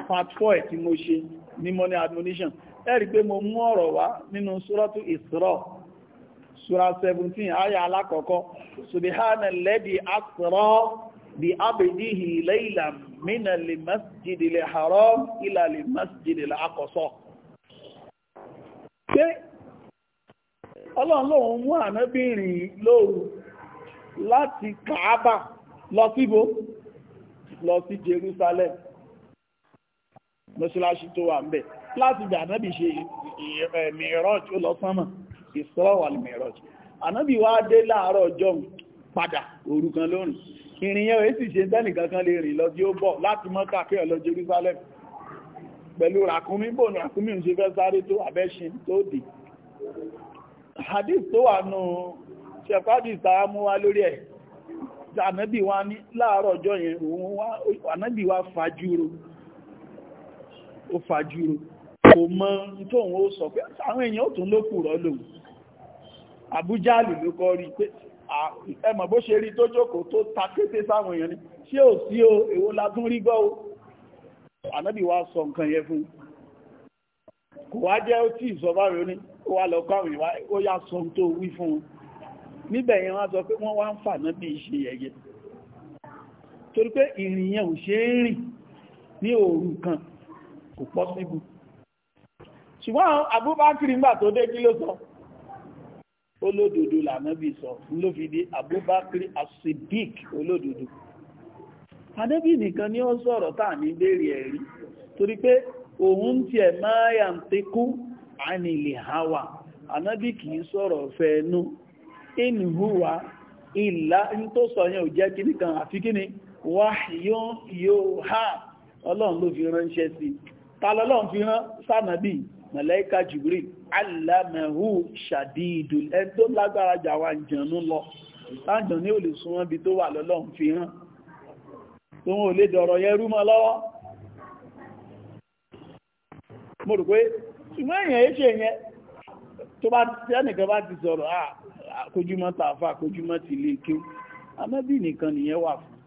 Speaker 1: part 4 tí mo ṣe ní money admonition ẹ rí pé mo mú ọ̀rọ̀ wá nínú suratu Isra sura 17 aya alákọ̀ọ́kọ́ subhana ọlọ́run lóun mú ànábìnrin lóru láti kàábà lọ síbo lọ sí Jerusalem mọ́ṣíláṣí tó wà ń bẹ̀ láti bẹ̀ ànábì ṣe mìírànj ó lọ sánmà Isra wal mìírànj ànábì wá dé láàárọ̀ ọjọ́ padà òru kan lónìí ìrìn yẹn èsì ṣe tẹ́nì kankan lè rìn lọ tí ó bọ̀ láti mọ́ká kí ọ̀lọ́ Jerusalem pẹ̀lú ràkúnmí bò ràkúnmí ń ṣe fẹ́ sáré tó àbẹ́ṣin tó dì hadith tó wà nù ṣẹ̀fádìí tàà mú wá lórí ẹ̀ ànábì wa ní láàárọ̀ ọjọ́ yẹn òun wá ànábì wa fàájúrò ó fàájúrò kò mọ̀ tó òun ó sọ pé àwọn èèyàn ó tún ló kùrọ̀ lòun àbújáàlì ló kọ́ rí pé ẹmọ̀ bó ṣe rí tó jókòó tó takété sáwọn èèyàn ni ṣé ò sí o èwo la tún rí gbọ́ o ànábì wa sọ nǹkan yẹn fún kò wá jẹ́ ó tí ìsọ̀bá rẹ̀ ní ó wá lọ káwọn ìwá ó yá sọ tó wí fún un níbẹ̀ yẹn wọ́n sọ pé wọ́n wá ń fà náà bí ìṣe ẹ̀yẹ torí pé ìrìnyàn ò ṣe ń rìn ní òru kan kò pọ́ síbu ṣùgbọ́n Abubakar ńgbà tó dé kí ló sọ olódodo lànàbì sọ ló fi dé Abubakar asidik olódodo Ànábì nìkan ni ó sọ̀rọ̀ táà ní béèrè ẹ̀rí torí pé òun tiẹ̀ máa yà ń tekú ànìlè hawa ànábì kì í sọ̀rọ̀ fẹ́ ẹnu inúhùwà ìlà ní tó sọ yẹn ò jẹ́ kíní kan àfi kíní wá yóò ha ọlọ́run ló fi ránṣẹ́ sí Jibril alámẹ̀hù ṣàdìdù ẹn tó lágbára jàwà jẹ̀nú lọ láàjọ̀ ní ò lè súnmọ́ bí tó wà lọ́lọ́run fi lọ́wọ́ mo pé ṣùgbọ́n èèyàn yé ṣe yẹn tó bá tí ẹnìkan bá ti sọ̀rọ̀ ah, àkójúmọ́ tààfà àkójúmọ́ ti lè amẹ́bí nìkan nìyẹn wà fún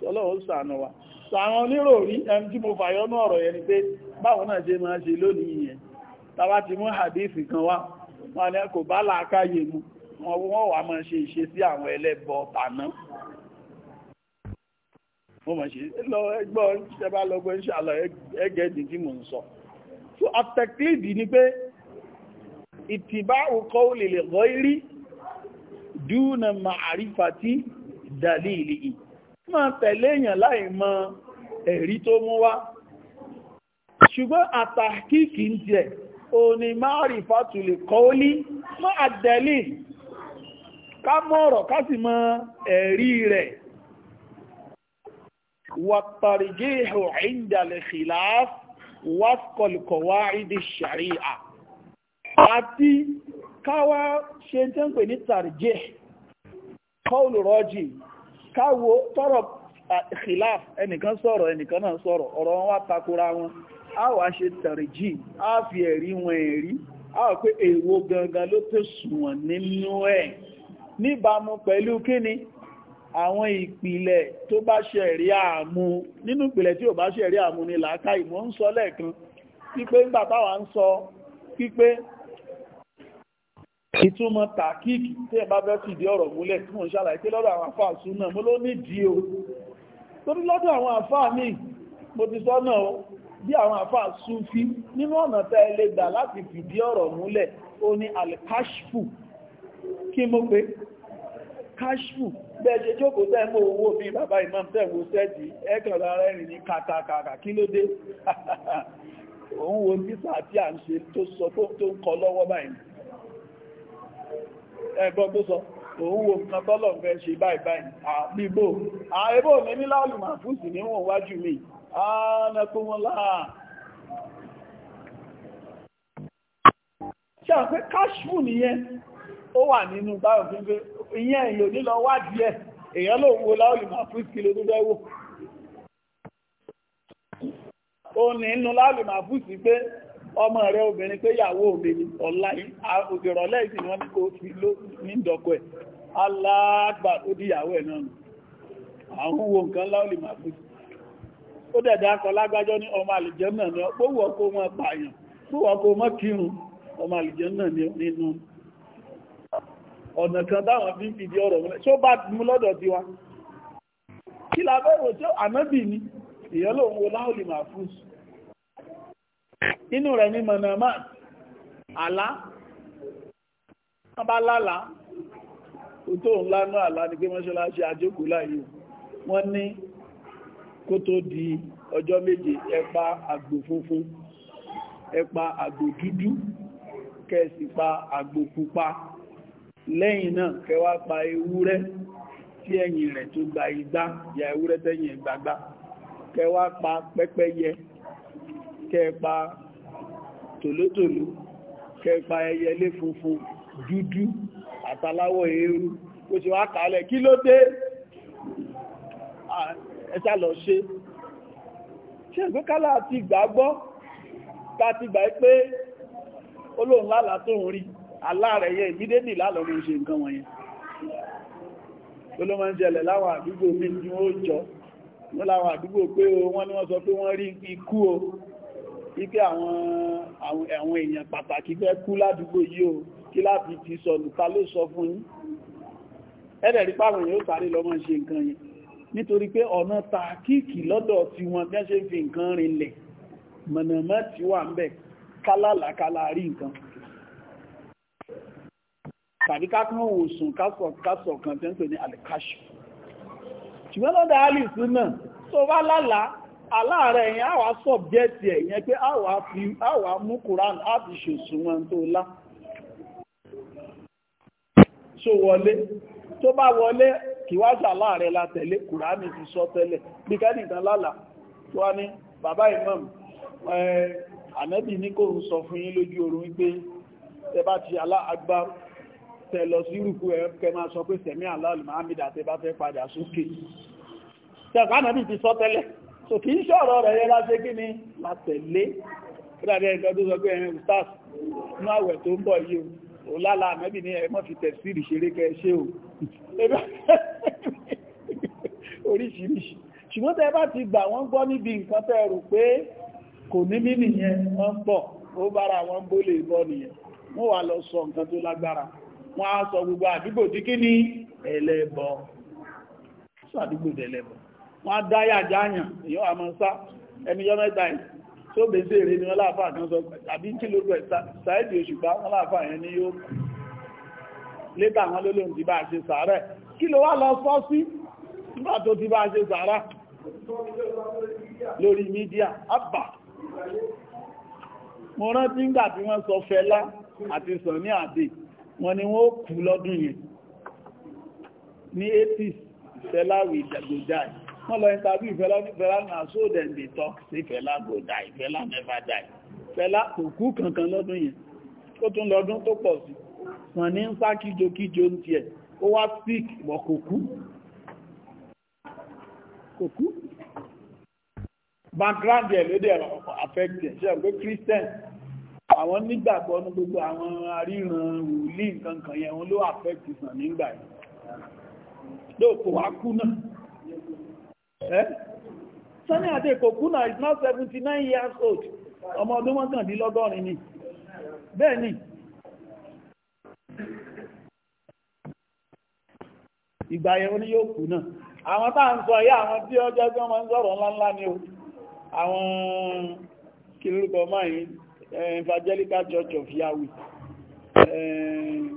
Speaker 1: ṣọlọ́wọ́ sànà wa sàwọn onírò rí ẹni tí mo fàyọ́nú ọ̀rọ̀ yẹn ni pé náà ṣe máa ṣe lónìí yẹn ti mú kan wá wọn ni kò bá mu wọn wà máa ṣe ìṣe sí àwọn ẹlẹ́bọ tàná mo mọ̀ ṣe lọ ẹgbọ́n ṣẹba lọ́gbọ́n ṣàlọ́ tí mò ń so àtẹ̀klìdì ni pé ìtìbá òkọ́ olèlè gọ́ irí dúnà ma'arifati dalili ì máa tẹ̀lé èèyàn láì mọ ẹ̀rí tó mú wá ṣùgbọ́n àtàkìkì ń tiẹ̀ o ni ma'arifatu lè kọ́ olí mọ́ àdẹ̀lì ká mọ̀rọ̀ ká sì mọ ẹ̀rí rẹ̀ wàtàrígé ìhò ìndàlẹ̀ khilaf wákọ̀lùkọ̀wá ìdí ṣàríà àti káwá ṣe tẹ́ ń pè ní tàrjẹ́ kọ́ọ̀lù rọ́jì káwo tọ́rọ̀ khilaf ẹnìkan sọ̀rọ̀ ẹnìkan náà sọ̀rọ̀ ọ̀rọ̀ wọn wá takora wọn a wá ṣe tàrjì a fi ẹ̀rí wọn ẹ̀rí a wà pé èwo gangan ló tó sùnwọ̀n nínú ẹ̀ níbàámu pẹ̀lú kíni àwọn ìpìlẹ̀ tó bá ṣẹ̀rí àmú nínú ìpìlẹ̀ tí ò bá ṣẹ̀rí àmú ni làákà ìmọ̀ ń sọ lẹ́ẹ̀kan pípé ń bàbá wa ń sọ pípé ìtumọ̀ tàkíkì tí ẹ bá fẹ́ fìdí ọ̀rọ̀ múlẹ̀ tí mo ń ṣàlàyé pé lọ́dọ̀ àwọn àfáà súnà mo ló ní ìdí o torí lọ́dọ̀ àwọn mo ti sọ náà bí àwọn àfáà súnfí nínú ọ̀nà tẹ́ ẹ lè gbà láti fìdí ọ̀rọ̀ múlẹ̀ mo pé káṣù bẹ́ẹ̀ṣe jókòó tẹ́mọ̀ owó bí bàbá imam tẹ́wọ́ sẹ́ẹ̀dì ẹ́kànlá rẹ̀rìn ní kàkàkàkà kí ló dé òun wo nípa àti à ń ṣe tó sọ tó ń kọ lọ́wọ́ báyìí ẹgbọ́n tó sọ òun wo nǹkan tọ́lọ̀ fẹ́ ṣe báyìí báyìí àbíbò ààrẹ́bò mi ní láàlùmà fún sí níwọ̀n wájú mi ààrẹ́kún wọn láà ṣe àpẹ́ káṣfù nìyẹn ó wà nínú báyọ̀ fífẹ́ ìyẹn èyàn ò ní lọ wádìí ẹ̀ èyàn ló wo láwọ́lì máa fún ìsìlẹ̀ tó fẹ́ wò ó ní inú láwọ́lì máa fún sí pé ọmọ rẹ obìnrin pé ìyàwó obìnrin ọ̀la òjòrọ̀lẹ́ ìsìn wọn kò fi ló ní ìdọ̀kọ̀ ẹ̀ aláàgbà ó di ìyàwó ẹ̀ náà àwọn wo nǹkan láwọ́lì máa fún sí ó dẹ̀dẹ̀ akọ lágbájọ́ ní ọmọ àlìjẹ́ náà ni ọ ọ̀nà kan táwọn fi ń fìdí ọ̀rọ̀ múlẹ̀ ṣó bá mú lọ́dọ̀ ti wa kí la fẹ́ rò tí ànábì ni èèyàn lòun wo láhùlì mahfuz inú rẹ̀ ní mọ̀nàmá àlá bá lálá tó ń lánú àlá ní pé mọ́ṣáláṣí àjókòó láyé wọ́n ní kó tó di ọjọ́ méje ẹpa àgbò funfun ẹpa àgbò dúdú kẹ́ẹ̀sì pa àgbò pupa lẹ́yìn náà kẹwàá pa ewúrẹ́ tí ẹ̀yìn rẹ̀ tó gba igbá ya ewúrẹ́ tẹ́yìn ìgbàgbá kẹwàá pa pẹ́pẹ́yẹ kẹpa tòlótòló kẹpa ẹyẹlé funfun dúdú àtàláwọ̀ eérú kò sì wá kàálẹ̀ kí ló dé ẹ̀sà lọ ṣe ṣe ìgbókálà àti ìgbàgbọ́ ta ti gbà pé olóhùn lálàá tó ń rí aláàrẹ̀ yẹ ìmídéèdì lálọ́mọ ṣe nǹkan wọ̀nyẹn ló máa ń jẹlẹ̀ láwọn àdúgbò mi ní ó jọ ní láwọn àdúgbò pé wọ́n ní wọ́n sọ pé wọ́n rí ikú o wípé àwọn èèyàn pàtàkì fẹ́ kú ládùúgbò yìí o kí láti ti sọ lùta ló sọ fún yín ẹ̀dẹ̀ rí páwọn èèyàn ó sáré lọ́mọ ṣe nǹkan yẹn nítorí pé ọ̀nà tàkíkì lọ́dọ̀ tí wọn bí wọ́n ṣe ń fi nǹkan rinlẹ̀ mọ̀nàmọ́ tí wà ń bẹ̀ kálàlà kálà rí nǹkan tàbí kákan òsùn kásọ̀ kan tẹ́ ń pè ní alikashi ṣùgbọ́n lọ́dọ̀ alice náà tó bá lálàá aláàrẹ ẹ̀yìn àwà sọ bẹ́ẹ̀tì ẹ̀yìn pé àwà mú koran àti ṣòsùn wọn tó lá so wọlé tó bá wọlé kì wá ṣàláàrẹ la tẹ̀lé kùránì ti sọ tẹ́lẹ̀ bí imam ànẹ́bì ní kò ń sọ fún yín lójú oorun ẹ bá ti aláàgbá tẹ̀lọ sí rúkú ẹ kẹ máa sọ pé sẹ̀mí aláàlùmọ́ àmìdà tẹ bá fẹ́ padà sókè tẹ̀kánàbì ti sọ tẹ́lẹ̀ so kì í ṣọ̀rọ̀ rẹ̀ yẹ láti kí ni látẹ̀lé kíláàrẹ̀ ẹ̀kan tó sọ pé ẹ̀rin ustaz ní àwẹ̀ tó ń bọ̀ yìí o lálàá mẹ́bì ní ẹ̀mọ́ fi tẹ̀sírì ṣeré kẹ ṣe o oríṣiríṣi ṣùgbọ́n tẹ́ bá ti gbà wọ́n gbọ́ níbi nǹkan tẹ́ rò pé kò ní mí nìyẹn wọ́n pọ̀ ó bára wọn bó lè bọ́ nìyẹn wọ́n wà lọ sọ nǹkan tó lágbára wọ́n á sọ gbogbo àdúgbò tí kí ní ẹlẹ́bọ sọ àdúgbò tẹ́lẹ́bọ wọ́n á dá yàjáyàn èyàn àmọ́ sá ẹniyọ́ mẹ́ta ẹ̀ tó bèsè èrè ni wọ́n láàfà kan sọ àbí kí ló pẹ̀ sáìdì òṣùpá wọ́n láàfà yẹn ni yóò létà wọn ló lóun ti bá ṣe sàárẹ̀ kí ló wá lọ sọ sí nígbà tó ti bá ṣe sàárà lórí mídíà àbà mo rántí ńgbà tí wọ́n sọ Fẹlá àti Sàní Àdé wọ́n ní wọ́n kú lọ́dún yẹn ní 80s Fela will go wọ́n lọ interview Fela ní Fela na so dem dey talk say Fela go die Fela never die Fela kò kú kankan lọ́dún yẹn ó tún lọ́dún tó pọ̀ sí wọ́n ní ń sá kíjokíjo ń tiẹ̀ ó wá sick bọ̀ kò kú kò kú background ẹ̀ ló dẹ̀ affect ẹ̀ ṣe àgbẹ̀ Christian àwọn nígbàgbọ́ ní gbogbo àwọn aríran wòlí nǹkankan yẹn wọn ló àfẹ́kì sàn nígbà yìí lóòkò wá kú náà ẹ́ Sunny Adé kò kú náà is now 79 years old ọmọ ọdún mọ́kàndínlọ́gọ́rin ni bẹ́ẹ̀ ni ìgbà yẹn wọn ni yóò kú náà àwọn táà ń sọ yá àwọn tí ọjọ́ tí wọ́n máa ń sọ̀rọ̀ ńláńlá ni o àwọn kìlúkọ máa Eh, evangelical church of yahweh eh,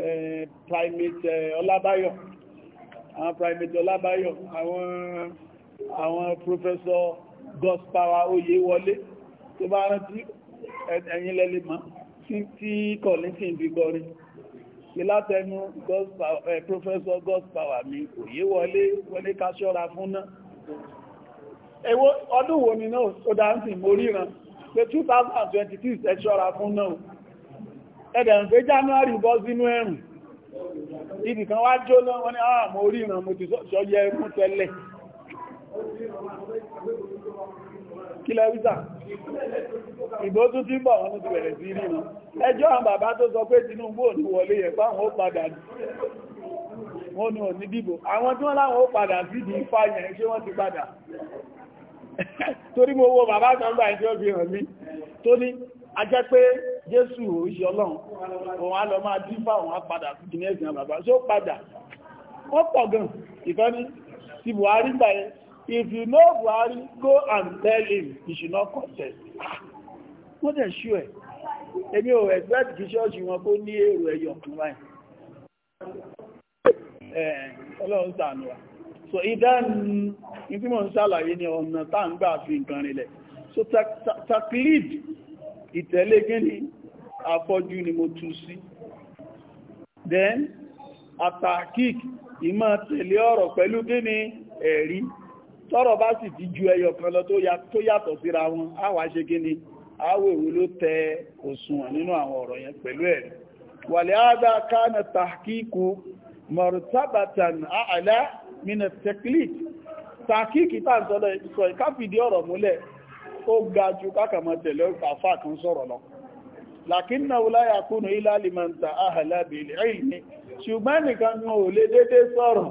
Speaker 1: eh, primate ọlábáyọ̀ àwọn primate ọlábáyọ̀ àwọn àwọn professor gospawa oyewọlé tó bá rántí ẹ̀yìn lẹ́lẹ́ ma tí kọ̀lẹ́sìn bí gọrin kí látẹnu professor gospawa mi oyewọlé wọlé ká ṣọ́ra fún náà ọdún wo ni náà ó dáńtì mo ríran pé 2022 ẹ ṣọ́ra fún náà ẹ̀dẹ̀rùn pé January bọ́ sínú ẹ̀rùn ibì kan wá jóná wọ́n ní àwọn ah, orí ìran mo ti sọ́yẹ ẹkún tẹ́lẹ̀ kílẹ̀ wíta ìbò tún tí ń bọ̀ wọ́n ti bẹ̀rẹ̀ sí rí wọn ẹjọ́ àwọn bàbá tó sọ pé Tinubu ò ní wọlé yẹ páwọn ó padà wọn ní ò ní dìbò àwọn tí wọ́n láwọn ó padà sí ìdí ifá yẹn ṣé wọ́n ti padà torí mo wo bàbá àtàǹgbà ẹ̀tí ó fi hàn mí tó ní a jẹ́ pé Jésù òṣìṣẹ́ Ọlọ́run òun á lọ máa dífà òun á padà fún kìíní ẹ̀sìn bàbá ṣó padà wọ́n pọ̀ gan ìkan ní ti Buhari gbà if you know Buhari go and tell him You should not contest wọ́n tẹ̀ ṣú ẹ̀ èmi ò expect kí ṣọ́ọ̀ṣì wọn kó ní èrò ẹ̀yọ̀ kan báyìí Ọlọ́run ṣàánú wa so idan ní tí mọ̀ ń ṣàlàyé ní ọ̀nà tá ń gbà fi nǹkan rinlẹ̀ so taklid ìtẹ̀lé gíní àfọ́jú ni mo tú sí then atakik ìmọ̀ tẹ̀lé ọ̀rọ̀ pẹ̀lú gíní ẹ̀rí tọ́rọ̀ bá sì ti ju ẹyọ kan lọ tó yàtọ̀ síra wọn á wá ṣe gíní awòrò ló tẹ òṣùwọ̀n nínú àwọn ọ̀rọ̀ yẹn pẹ̀lú ẹ̀rí wàlẹ́ àdá kánà tàkíkù mọ̀rùtábàtàn àlá mina teklik takíkì tàbí sọ ìkáfìdí ọ̀rọ̀ múlẹ̀ ó ga jù kákàmọ̀ tẹ̀lé àfà kan sọ̀rọ̀ lọ lakin náà láyà kúnnù ilá limanta ahàlá bèèrè ilmi ṣùgbọ́n nìkan ò lè dédé sọ̀rọ̀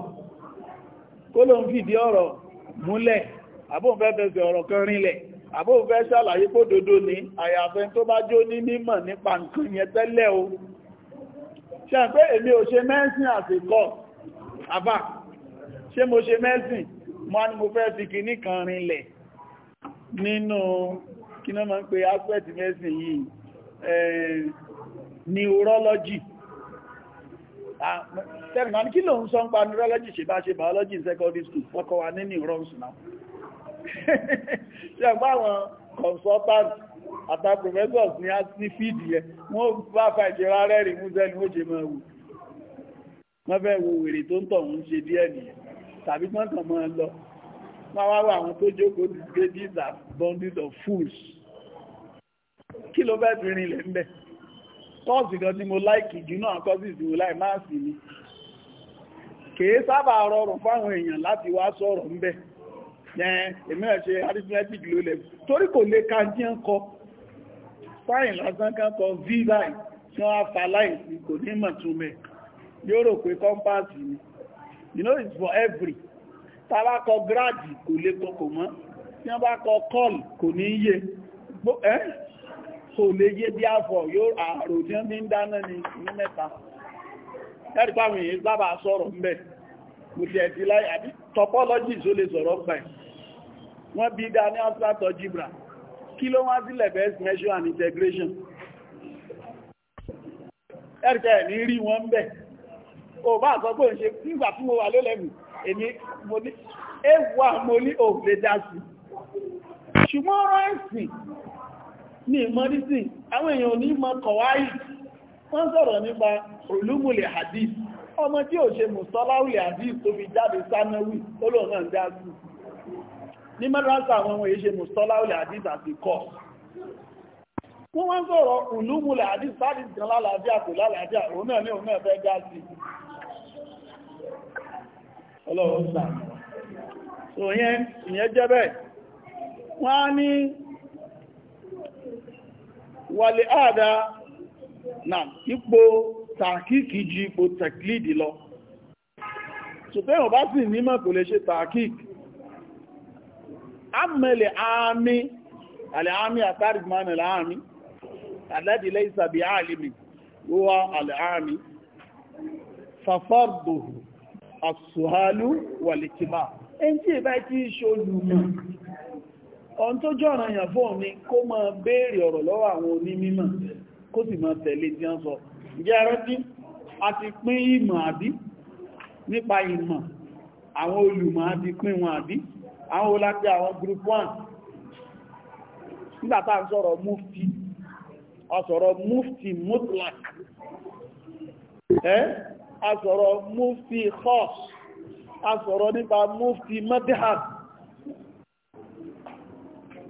Speaker 1: kó ló ń fìdí ọ̀rọ̀ múlẹ̀ àbóhùn fẹ́ fẹsẹ̀ ọ̀rọ̀ kan rinlẹ̀ àbóhùn fẹ́ ṣàlàyé kó dodo ní àyàfẹ́ tó bá jó ní ṣe pé èmi ò ṣe mẹ́sìn àsìkò àbá ṣé mo ṣe mẹ́sìn mọ́ ni mo fẹ́ fi kìíní kan rinlẹ̀ nínú kí náà máa ń pe aspect mẹ́sìn yìí eh, neurology tẹ́rìmọ́ ní kí ló ń sọ ń pa neurology ṣe bá ṣe biology in secondary school fọ́kọ́ wa ní neurons náà ṣe ọgbà àtà professors ní ní fíìdì yẹ wọ́n bá fa ìṣẹ́ra múzẹ́ ni ó ṣe máa wù wọ́n fẹ́ wo wèrè tó ń tọ̀ ń ṣe díẹ̀ nìyẹn tàbí mọ́tàn mọ́ lọ wọ́n wá wà àwọn tó jókòó ti gbé these bundles of fools kí ló fẹ́ fi rinlẹ̀ ń bẹ̀ tọ́ọ̀sì gan ni mo láìkì jù náà kọ́sì sí mo láì máa sì ni kìí sábà rọrùn fáwọn èèyàn láti wá sọ̀rọ̀ ń bẹ̀ yẹn èmi náà ṣe arithmetic ló lẹ̀ torí kò lè ka jẹ́ ń kọ fáìn lásán kan kọ v báyìí tí wọ́n á fa láìsí kò ní mọ̀túnmẹ̀ yóò rò pé kọ́mpáàsì ni you know it's for every tàbá kọ gíráàdì kò lè kọkò mọ́ tí wọ́n bá kọ kọ́ọ̀lù kò ní yé kò lè yé bí àfọ̀ yóò àrò tí wọ́n fi ń dáná ní ní mẹ́ta ẹ̀rì pàwọn èèyàn sábà sọ̀rọ̀ mbẹ̀ mo ti ẹ̀dí láì àbí topology tó lè sọ̀rọ̀ pẹ̀ wọ́n bí dá ní abstract algebra kí ló wá sí levels measure and integration ẹ̀rì pẹ̀ ní rí wọn mbẹ̀ o bá sọ pé òṣè nígbà tí mo wà lólẹ́mù èmi mo ní ewu àmọ́ ní òun lè dá sí ṣùgbọ́n ọ̀rọ̀ ẹ̀sìn ní ìmọ̀dísì àwọn èèyàn ní mọ̀ kọ̀wáyì wọ́n sọ̀rọ̀ nípa olúmùlẹ̀ hadith ọmọ tí ò ṣe mùsọ́láwùlẹ̀ hadith tó fi jáde sánáwì olóòrùn wọ́n wọ́n sọ̀rọ̀ olúmùlẹ̀ hadith sáàdì gan lálàáfíà kò náà ní òun náà fẹ́ dá ọlọ́run sàmù so yẹn ìyẹn jẹ́ bẹ́ẹ̀ wọ́n á ní wàlẹ̀ àádá na ipò tàkíkì ju ipò tẹ̀klìdì lọ ṣùgbọ́n ọba sì nímọ̀ kò lè ṣe tàkíkì àmẹ́lẹ̀ àmì àlẹ́àmì àtàrìmọ́nà láàmì àlẹ́dìlẹ́ ìsàbí àlìmì wọ́wọ́ àlẹ́àmì fàfọ́dùhù àṣùhálú wàlìkìmá ẹn ebe ìbá tí ṣolùmọ̀ ọ̀n tó jọ ọ̀rọ̀ èèyàn fún ní kó máa ọ̀rọ̀ lọ́wọ́ àwọn onímímọ̀ kó sì máa tẹ̀lé tí sọ jẹ́ a ti pín ìmọ̀ àbí nípa ìmọ̀ àwọn olùmọ̀ a ti pín wọn àbí àwọn olápẹ́ àwọn 1 nígbàtà mufti mutlak asọ̀rọ̀ mufti khos asọ̀rọ̀ nípa mufti madhab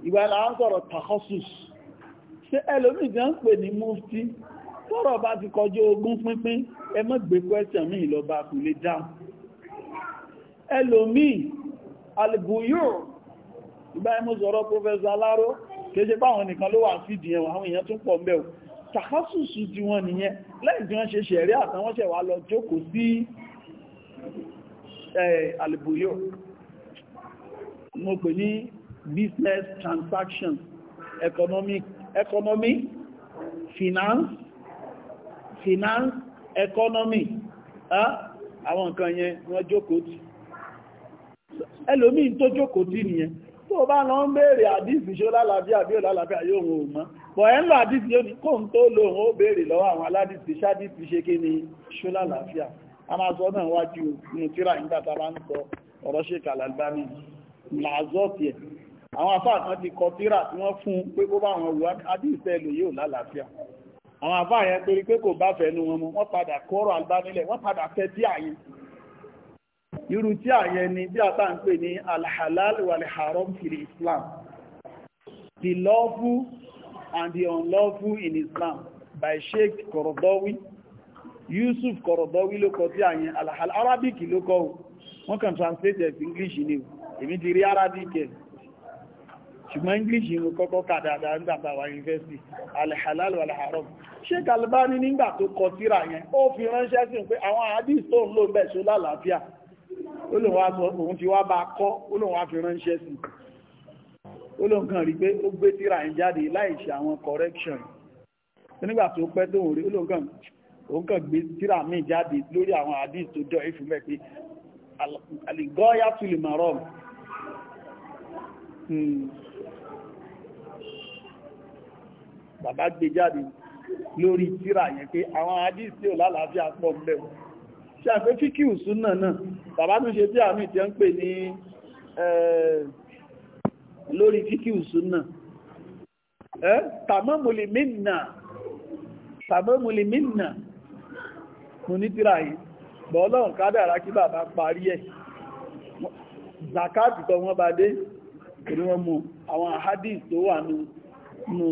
Speaker 1: ìgbàlá sọ̀rọ̀ takhasus ṣe ẹlòmí gan ń pè ní mufti sọ̀rọ̀ bá ti kọjú ogún pínpín ẹ má gbé kwẹ́sàn mí ìlọba kò lè dáhùn ẹlòmí alìbòyò ìgbà ẹmú sọ̀rọ̀ professor aláró kéje báwọn nìkan ló wà fìdí ẹwà àwọn èèyàn tún pọ̀ mẹ́wàá tàkásùsù tí wọ́n nìyẹn lẹ́yìn tí wọ́n ṣe ṣẹ̀rí àtàwọn ṣẹ̀wà lọ jókòó sí àlìbòyò mo pè ní business transaction, economic economy finance finance economy àwọn nǹkan yẹn wọ́n jókòó tì ẹlòmíì tó jókòó tì nìyẹn tó bá lọ ń béèrè àdísì ṣó lálàáfíà bí ò lálàáfíà yóò wọn ò mọ́ bọ̀ ẹ̀ ń lọ àdísì yóò ní kóhùn tó lòun ó béèrè lọ́wọ́ àwọn aládìsì ṣádìsì ṣe kí ni ṣó lálàáfíà a máa sọ náà wájú ní tíra nígbà tá a bá ń sọ ọ̀rọ̀ ṣe kàlàgbá ní làzọ́ọ̀tì ẹ̀ àwọn afá kan ti kọ tíra tí wọ́n fún pé kó bá wọn wù àdísì ẹ̀ lò yóò lálàáfíà àwọn afá yẹn torí pé kò bá fẹ́ nu wọn mọ́ wọ́n padà kọ́rọ̀ àgbánilẹ̀ wọ́n padà tẹ́ tí àyè irú tí àyẹn ni bí àtà ń pè ní alhalal walharam Islam the lawful and the unlawful in Islam by Sheikh Korodowi Yusuf Korodowi ló kọ tí àyẹn alhal Arabic ló kọ wọ́n kàn translate it English ni èmi ti rí Arabic ẹ̀ ṣùgbọ́n english inú kọ́kọ́ kàdàdà ń dàbà wà university alhalal walharam Sheikh Albani nígbà tó kọ tírà yẹn ó fi ránṣẹ́ sí pé àwọn hadith tó ń lò bẹ̀ lálàáfíà olóòwà sọ òun ti wá bá kọ́ olóòwà fi ránṣẹ́ sí olóòkan rí pé ó gbé tíra ẹ̀ jáde láìṣe àwọn correction nígbà tó pẹ́ tó rí olóòkan òun kàn gbé tíra mi jáde lórí àwọn hadith tó dọ̀ ìfún mẹ́ pé àlìgọ́yà tó lè máa rọ̀ bàbá gbé jáde lórí tíra yẹn pé àwọn hadith tí ò lálàáfíà pọ̀ mẹ́wọ̀n ṣe àpé fíkì ìsúnà náà bàbá tún ṣe tí àmì tí ó ń pè ní lórí fíkì ìsúnà tàmọ́mùlì mínà tàmọ́mùlì mínà mú ní tíra yìí bọ́ọ̀lọ́run kádàrá kí bàbá parí ẹ̀ zakati tó wọ́n bá dé ìrí wọn mú àwọn ahadis tó wà nù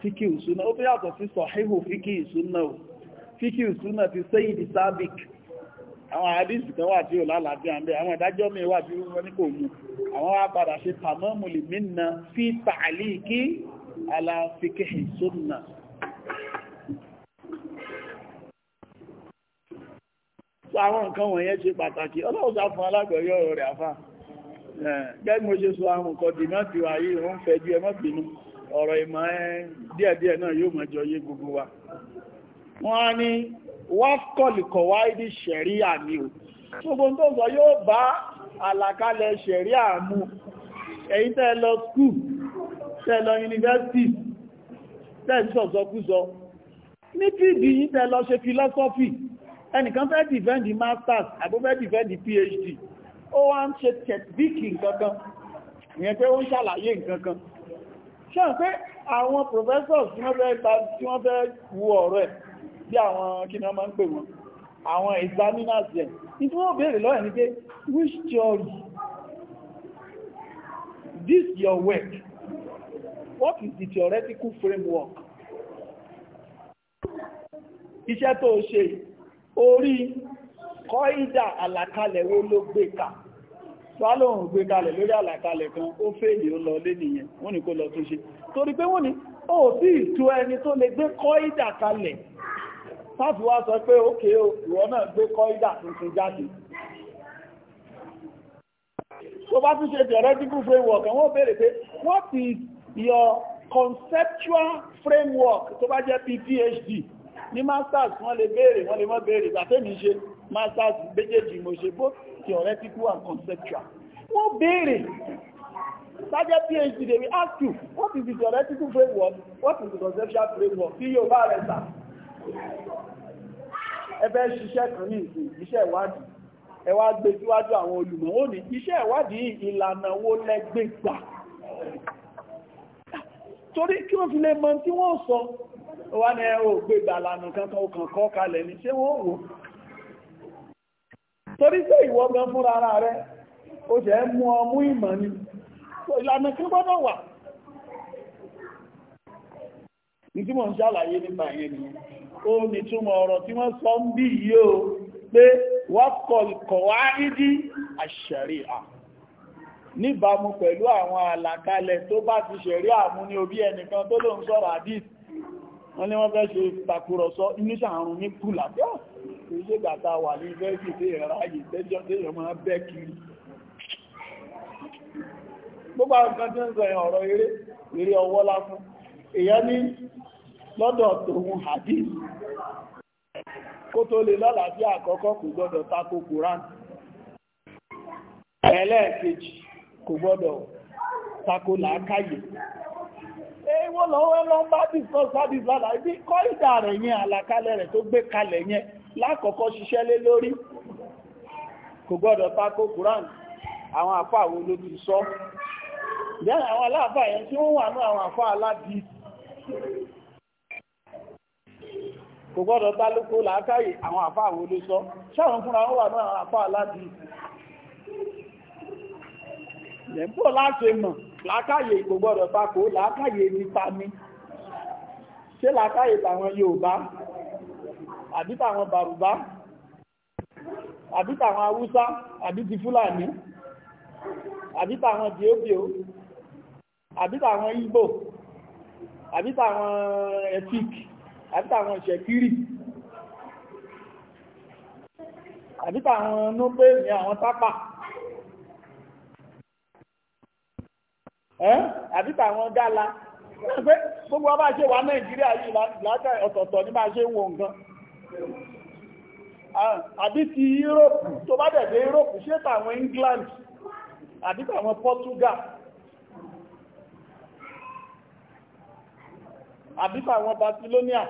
Speaker 1: fíkì ìsúnà ó fi yàtọ̀ sí sọ̀híhù fíkì ìsúnà ò fíkíù súnà ti sẹ́yìn di sábìk àwọn àdísì kan wà tí ò lálàáfíà ń bẹ àwọn ìdájọ́ mi wà tí wọ́n ní kò mú àwọn wá padà ṣe tàmọ́mùlì mínà fi tààlì kí aláfikẹ́ súnà àwọn nǹkan wọ̀nyẹn ṣe pàtàkì ọlọ́ọ̀sá fún alágbẹ̀yọ́ ọ̀rọ̀ rẹ̀ àfá gẹ́gbẹ́ mo ṣe sọ àwọn nǹkan dì ti wà yìí wọ́n fẹ́ ju ẹmọ́ bínú ọ̀rọ̀ ìmọ̀ díẹ̀díẹ̀ náà yóò mọ̀ jọ yé gbogbo wa wọ́n á ní wákọ̀lìkọ̀wá ìdí ṣẹ̀ríà ni o gbogbo tó sọ yóò bá àlàkalẹ̀ ṣẹ̀ríà mu ẹ̀yin tẹ́ lọ skúù tẹ́ lọ yunifásitì tẹ́ sọ̀sọkúsọ ní pìdì yìí tẹ́ lọ ṣe philosophy ẹnìkan fẹ́ dìfẹ́ndì masters àbó fẹ́ dìfẹ́ndì phd ó wá ń ṣe tẹ̀bíkì nǹkankan ìyẹn pé ó ń ṣàlàyé nǹkankan ṣe pé àwọn professors tí wọ́n fẹ́ wo ọ̀rọ̀ ẹ̀ bí àwọn kí náà máa ń pè wọ́n àwọn examiners yẹn ní tí wọ́n béèrè lọ́yẹ̀ ní pé which theory this your work what is the theoretical framework iṣẹ́ tó ṣe orí kọ́ídà àlàkalẹ̀ wo ló gbé ka sálòhùn gbé kalẹ̀ lórí àlàkalẹ̀ kan ó fèèlì ó lọ lé nìyẹn wọ́n ní kó lọ tó ṣe torí pé wọ́n ní ó sì tú ẹni tó lè gbé kọ́ídà kalẹ̀ táàfì wá sọ pé ókè ìwọ náà gbé kọ́ ìdà tuntun jáde tó bá tún ṣe theoretical framework wọ́n béèrè pé what is your conceptual framework tó bá jẹ́ PhD ní masters wọ́n lè béèrè wọ́n lè mọ́ béèrè ìgbàtẹ́mì ṣe masters méjèèjì mo ṣe both theoretical and conceptual wọ́n béèrè Sergeant PhD, they will ask you, what is the theoretical framework? What is the conceptual framework? Tí yóò bá rẹ̀ sáà ẹ fẹ́ ṣiṣẹ́ kan ní ìsìn iṣẹ́ ìwádìí ẹ wá gbé síwájú àwọn olùmọ̀ ó ní iṣẹ́ ìwádìí ìlànà wo lẹ́gbẹ̀gbà torí kí wọ́n fi lè mọ̀ tí wọ́n sọ wá ní ẹ̀rọ ògbègbà lànà kankan ọkàn kọ́ kalẹ̀ ní ṣé wọ́n wò torí pé ìwọ gan fúnra ara rẹ ó jẹ́ mú ọmú ìmọ̀ ni ìlànà kan gbọ́dọ̀ wà ní tí mo ń ṣàlàyé nípa ìyẹn nìyẹn ó ní túnmọ̀ ọ̀rọ̀ tí wọ́n sọ ń bí yìí o pé wọ́kọ̀lùkọ̀ wá ìdí àṣẹ̀rí à níbàmú pẹ̀lú àwọn àlàkalẹ̀ tó bá ti ṣẹ̀rí àmú ní orí ẹnìkan tó ló ń sọ̀rọ̀ àdís wọ́n ní wọ́n fẹ́ ṣe tàkùrọ̀sọ iníṣà àrùn ní kùlà tí ó ṣe gbàta wà ní fẹ́ẹ̀sì tí ìrọ̀rá yìí tẹ́jọ́ tí ìrọ̀ máa bẹ́ kiri gbogbo àwọn kan tí ń sọ ọ̀rọ̀ eré eré ọwọ́ lásán ní lọ́dọ̀ tòun hadith kó tó lè lọ́lá sí àkọ́kọ́ kò gbọ́dọ̀ tako Quran ẹlẹ́ẹ̀kejì kò gbọ́dọ̀ tako làákàyè ewó lọ́wọ́ lọ bá discuss service lára ibi kọ́ ìdà rẹ̀ yẹn àlàkalẹ̀ rẹ̀ tó gbé kalẹ̀ yẹn lákọ̀ọ́kọ́ ṣiṣẹ́ lé lórí kò gbọ́dọ̀ tako Quran àwọn afọ́ àwọn ló sọ bẹ́ẹ̀ àwọn aláàfà yẹn tí wọ́n wà ní kò gbọ́dọ̀ bá lókó làákàyè àwọn àfá àwọn olóṣọ́ ṣáwọn fúnra wọ́n wà náà àfá aláàdì lẹ́pọ̀ láti mọ̀ làákàyè kò gbọ́dọ̀ bá kó làákàyè nípa ní ṣé làákàyè tàwọn Yorùbá àbí tàwọn Bàrùbá àbí tàwọn Haúsá àbí ti Fúlàní àbí tàwọn Biobio àbí tàwọn Igbo àtàwọn ṣẹ̀kírì àbíta àwọn nóbé ní àwọn tápà ẹ́ àbíta àwọn gálà pé gbogbo ọba ṣe wà nàìjíríà yìí látà ọ̀tọ̀ọ̀tọ̀ ní máa ṣe ń wo nǹkan àbí ti Europe tó bá dẹ̀dẹ̀ Europe ṣé tàwọn England àbí tàwọn Portugal àbí tàwọn Barcelona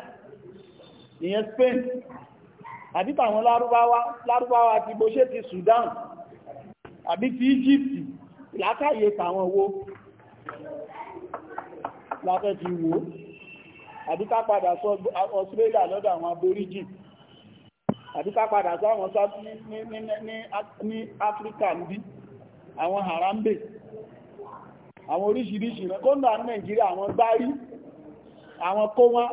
Speaker 1: ìyẹn Spain àbí tàwọn lárúbáwá lárúbáwá ti bó ṣe ti Sudan àbí ti Egypt látàyè tàwọn wo láfẹ́ ti wò àbí ká padà sọ Australia lọ́dọ̀ àwọn aborigin àbí ká padà sọ àwọn sáfí ní Africa níbí àwọn Harambe àwọn oríṣiríṣi rẹ̀ kó náà Nàìjíríà àwọn gbárí àwọn kó wọn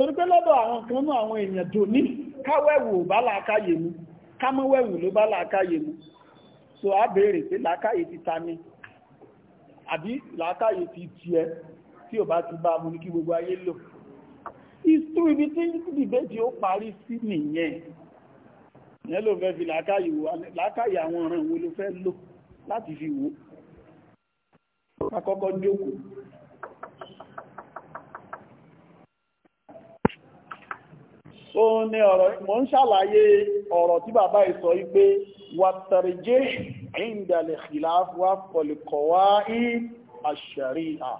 Speaker 1: torí pé lọ́dọ̀ àwọn kan náà àwọn èèyàn tó ní káwẹ́wù ò bá làákàyè mu kámọ́wẹ́wù ló bá làákàyè mu so a béèrè pé làákàyè ti ta ni àbí làákàyè ti tiẹ̀ tí ò bá ti bá mu ní kí gbogbo ayé lò ìsú ibi tí dìbéjì ó parí sí nìyẹn òun ni ọ̀rọ̀ mò ń ṣàlàyé ọ̀rọ̀ tí bàbá ìsọ wípé wàtàrìjẹ́ ìndàlẹ̀ ìlàáfíà pọ̀lìkọ̀wá ì àṣàríà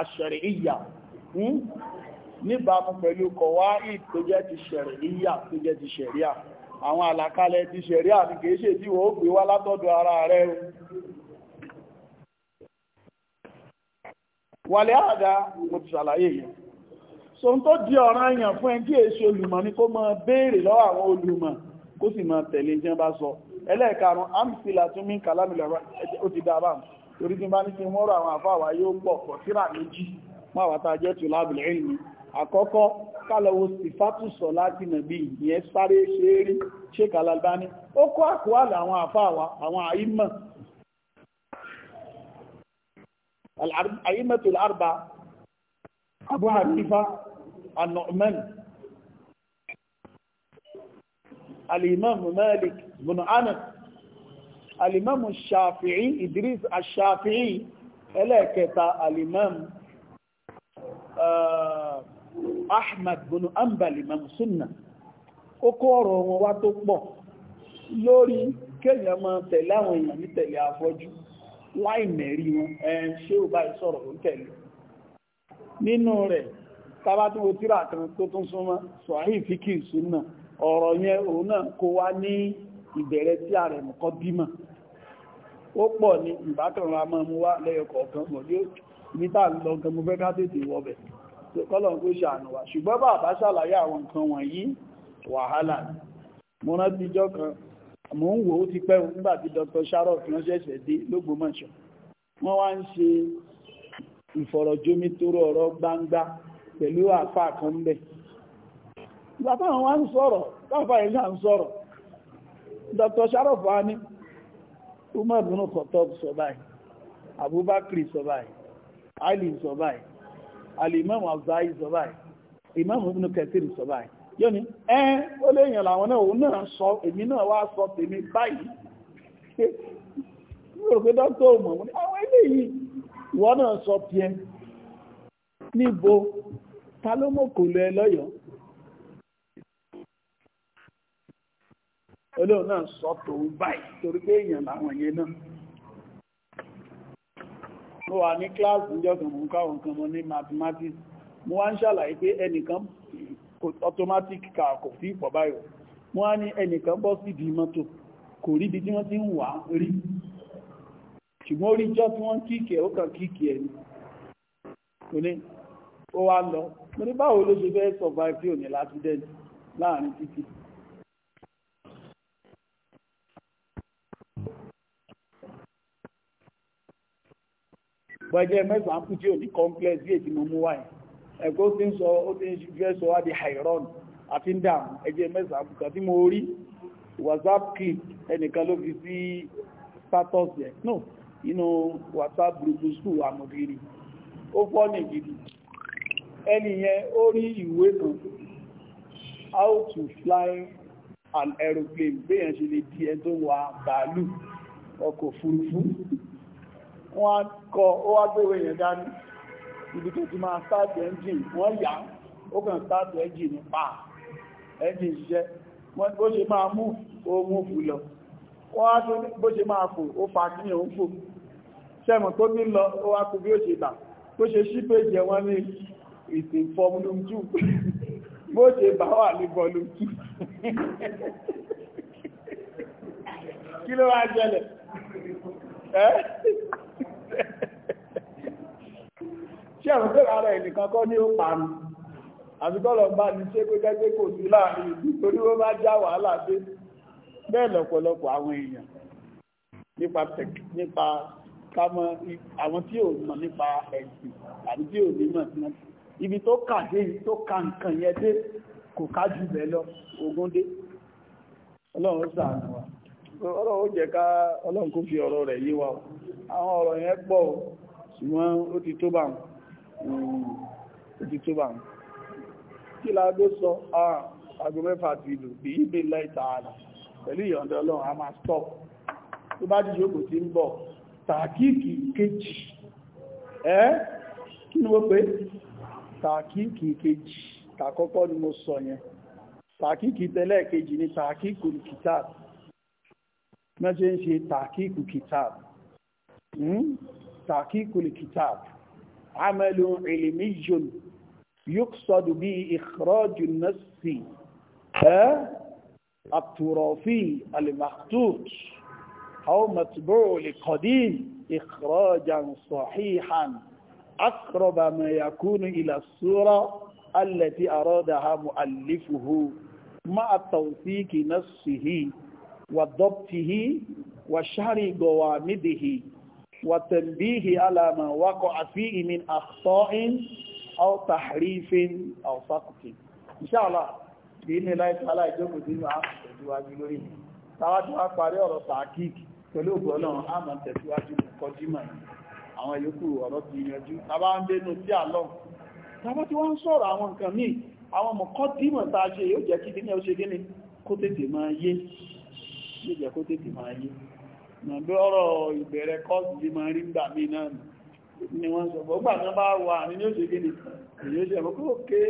Speaker 1: àṣẹ̀rẹ̀ ìyà níbàmú pẹ̀lú kọ̀wá ì tó jẹ́ ti ṣẹ̀rẹ̀ ìyà tó jẹ́ ti ṣẹ̀ríà àwọn àlàkalẹ̀ ti ṣẹ̀ríà ní kìí ṣe tí so n tó di ọ̀ràn èèyàn fún ẹn èṣe olùmọ̀ ni kó máa béèrè lọ́wọ́ àwọn olùmọ̀ kó sì máa tẹ̀lé jẹ́ bá sọ ẹlẹ́ẹ̀karùn amsila tún mí kàlámìlà ó ti dá báhùn torí tí bá ní kí wọ́n rọ àwọn àfáwà yóò pọ̀ pọ̀ síra méjì máa wà tá a jẹ́ tù lábìlẹ̀ ìlú àkọ́kọ́ kálọ̀wọ́ sífátù sọ láti nàbí ìyẹn sáré ṣe é Abu Hanifa النعمان الإمام مالك بن أنس الإمام الشافعي إدريس الشافعي إليكتا الإمام أحمد بن أنبل إمام سنة ó kó ọ̀rọ̀ wọn wá tó pọ̀ lórí kéèyàn máa tẹ̀lé àwọn èèyàn ní tẹ̀lé afọ́jú láì mẹ̀rí wọn ẹ̀ẹ́n ṣé ò báyìí sọ̀rọ̀ ó tẹ̀lé nínú rẹ̀ tàbátúwò tíra kan tó tún súnmọ́ sọ̀hí fíkì súnmọ́ ọ̀rọ̀ yẹn òun náà kó wá ní ìbẹ̀rẹ̀ tí a rẹ̀ mọ̀kọ́ bímọ̀ ó pọ̀ ní ìbákanra máa mú wá wa ṣùgbọ́n bá bá ṣàlàyé àwọn nǹkan wọ̀nyí wàhálà mo rántí jọ́ kan mo ń wò ó ti pẹ́ nígbà tí Dr. Sharon fi ọ̀rọ̀ gbangba pẹ̀lú àfà kan bẹ̀. ìgbà táwọn wá ń sọ̀rọ̀ káfà yìí náà ń sọ̀rọ̀ Dr. Sharaf wa ní Umar bin Khattab sọ báyìí Abubakar sọ báyìí Ali sọ báyìí Al-Imam Awza'i sọ báyìí Imam Ibn Kathir sọ báyìí yóni ẹ́ ó léèyàn làwọn náà òun náà sọ èmi náà wá sọ tèmi báyìí rò pé dókítà ò mọ̀ wọ́n ní àwọn náà sọ tiẹ̀ níbo ta ló kò lọ ẹ lọ́yọ̀ọ́ olóòrùn náà sọ tòun báyìí torí pé èèyàn làwọn yẹn náà mo wà ní kíláàsì níjọ́gbọ̀n mú káwọn kan mọ́ ní mathematics mo wá ń ṣàlàyé pé ẹnìkan automatic car kò fi mo ní ẹnìkan bọ́ sí ibi mọ́tò kò rí ibi tí wọ́n ti ń wà rí ṣùgbọ́n orí ìjọ́ tí wọ́n kíkì ẹ̀ ó mo ní báwo ló ṣe fẹ́ survive tí ò ní lásìdẹ́ntì láàrin títì gbẹ́jẹ́ mẹ́sàn án kú tí ò ní complex bí ètí mo mú wáyé ẹ̀kọ́ tí ń sọ ó ti ń fẹ́ sọ wá di hairon àti ń dàmú ẹjẹ́ mẹ́sàn án kùkà tí mo rí whatsapp clip ẹnìkan ló fi sí status ẹ̀ no inú whatsapp group school àmọ̀dìrì ó fọ́ nìgidi ẹniyẹn ó rí ìwé kan how to fly an aeroplane béèyàn ṣe lè di ẹ tó wà bàálù ọkọ̀ òfurufú wọ́n kọ ó wá gbéwé yẹn dání ibi tó ti máa start engine wọ́n yà ó kàn start engine pa engine ṣiṣẹ́ wọ́n bó ṣe máa mú ohun fù lọ wọ́n á tó bó ṣe máa fò ó fa kí ní òun fò ṣẹ́mọ̀ tó ní lọ ó wá kú bí ó ṣe bà tó ṣe ṣí péjì ẹ̀wọ́n ní is in volume two bó ṣe bá wà ní volume two kí ló wá jẹlẹ̀ ṣé àwọn tó rárá ẹnìkan kọ́ ní ó parun àbíkọ́lọ̀ bá ní ṣé pé gẹ́gẹ́ kò sí láàrin ìlú torí ó bá já wàhálà dé bẹ́ẹ̀ lọ́pọ̀lọpọ̀ àwọn èèyàn nípa nípa kámọ́ àwọn tí ò mọ̀ nípa ẹ̀sìn àbí tí ò ní mọ̀ sí ibi tó kàdé tó ka nǹkan yẹn dé kò ká jù bẹ́ẹ̀ lọ ogun dé ọlọ́run ṣàánú wa ọlọ́run jẹ́ ká ọlọ́run kó fi ọ̀rọ̀ àwọn yẹn pọ̀ o ṣùgbọ́n ó ti tó bá ó ti tó sọ aago mẹ́fà ti lù bí ibi lẹ́ta àlà pẹ̀lú ìyọ̀ǹda ọlọ́run a máa stop tó bá ti ń bọ̀ tàkíkì kejì tàkíkì kejì tàkọ́kọ́ ni mo sọ yẹn tàkíkì tẹ́lẹ̀ kejì ni tàkíkù kìtàb mẹ́sẹ̀ ń ṣe tàkíkù kìtàb tàkíkù kìtàb amẹ́lú ìlìmíjùn يقصد به إخراج النص التراثي المخطوط أو مطبوع لقديم إخراجا صحيحا akọrọba mẹ́yàkúnú ìlà sura allati aradaha mu'allifuhu ma'a tawthiki nafsihi wa dabtihi wa shari gawamidihi wa tanbihi ala ma waqa'a fihi min akhta'in aw tahrifin aw saqtin inshallah ìdílé láìsàlá ìjókòó sínú àtẹ̀síwájú lórí tàwájú wá parí ọ̀rọ̀ tàkíkì pẹ̀lú ògbọ́nà àmọ̀ tẹ̀síwájú kọjímọ̀ yìí àwọn yòókù ọ̀rọ̀ ti yanjú tàbá ń dénú tí àlọ́ tàbá tí wọ́n ń sọ̀rọ̀ àwọn nǹkan míì àwọn mọ̀kọ́ dímọ̀ tàà ṣe yóò jẹ́ kí ní ẹ̀ ṣe gíní kó tètè máa yé yóò jẹ́ kó tètè máa yé nàbí ọ̀rọ̀ ìbẹ̀rẹ̀ kọ́ọ̀sì yìí máa rí gbà mí náà ni wọ́n sọ bọ́ gbà náà bá wà ní yóò ṣe gíní yóò ṣe àbúkú òkè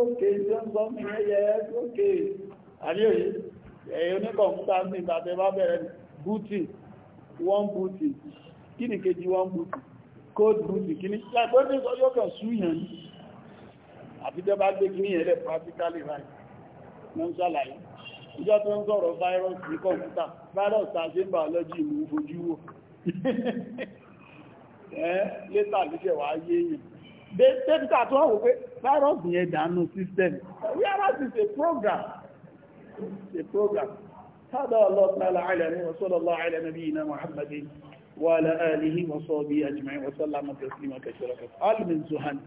Speaker 1: òkè tó ń sọ mí ẹyẹ òkè àríòyè ẹ̀yẹ oníkọ̀ọ̀mùtà sí ìgbà tẹ bá bẹ̀rẹ̀ búùtì wọ́n búùtì kí ni kejì wọ́n bùkù code bùkù kí ní ṣàgbọ́dé yóò kàn súyàn ní àfijọ́ bá gbé kí ní ẹ̀rẹ́ practically right ló ń ṣàlàyé ìjọ tó ń sọ̀rọ̀ virus ní kọ̀ǹpútà virus tàbí biology mú fojú wò ẹ́ létà níṣẹ̀ wá yé èèyàn dẹ́kítà tó wọ́n wò pé virus yẹn dànù system we are not is a program a program هذا الله تعالى علم وصلى الله على نبينا محمد وعلى آله وصحبه أجمعين وسلم تسليما كثيرا عالم الزهن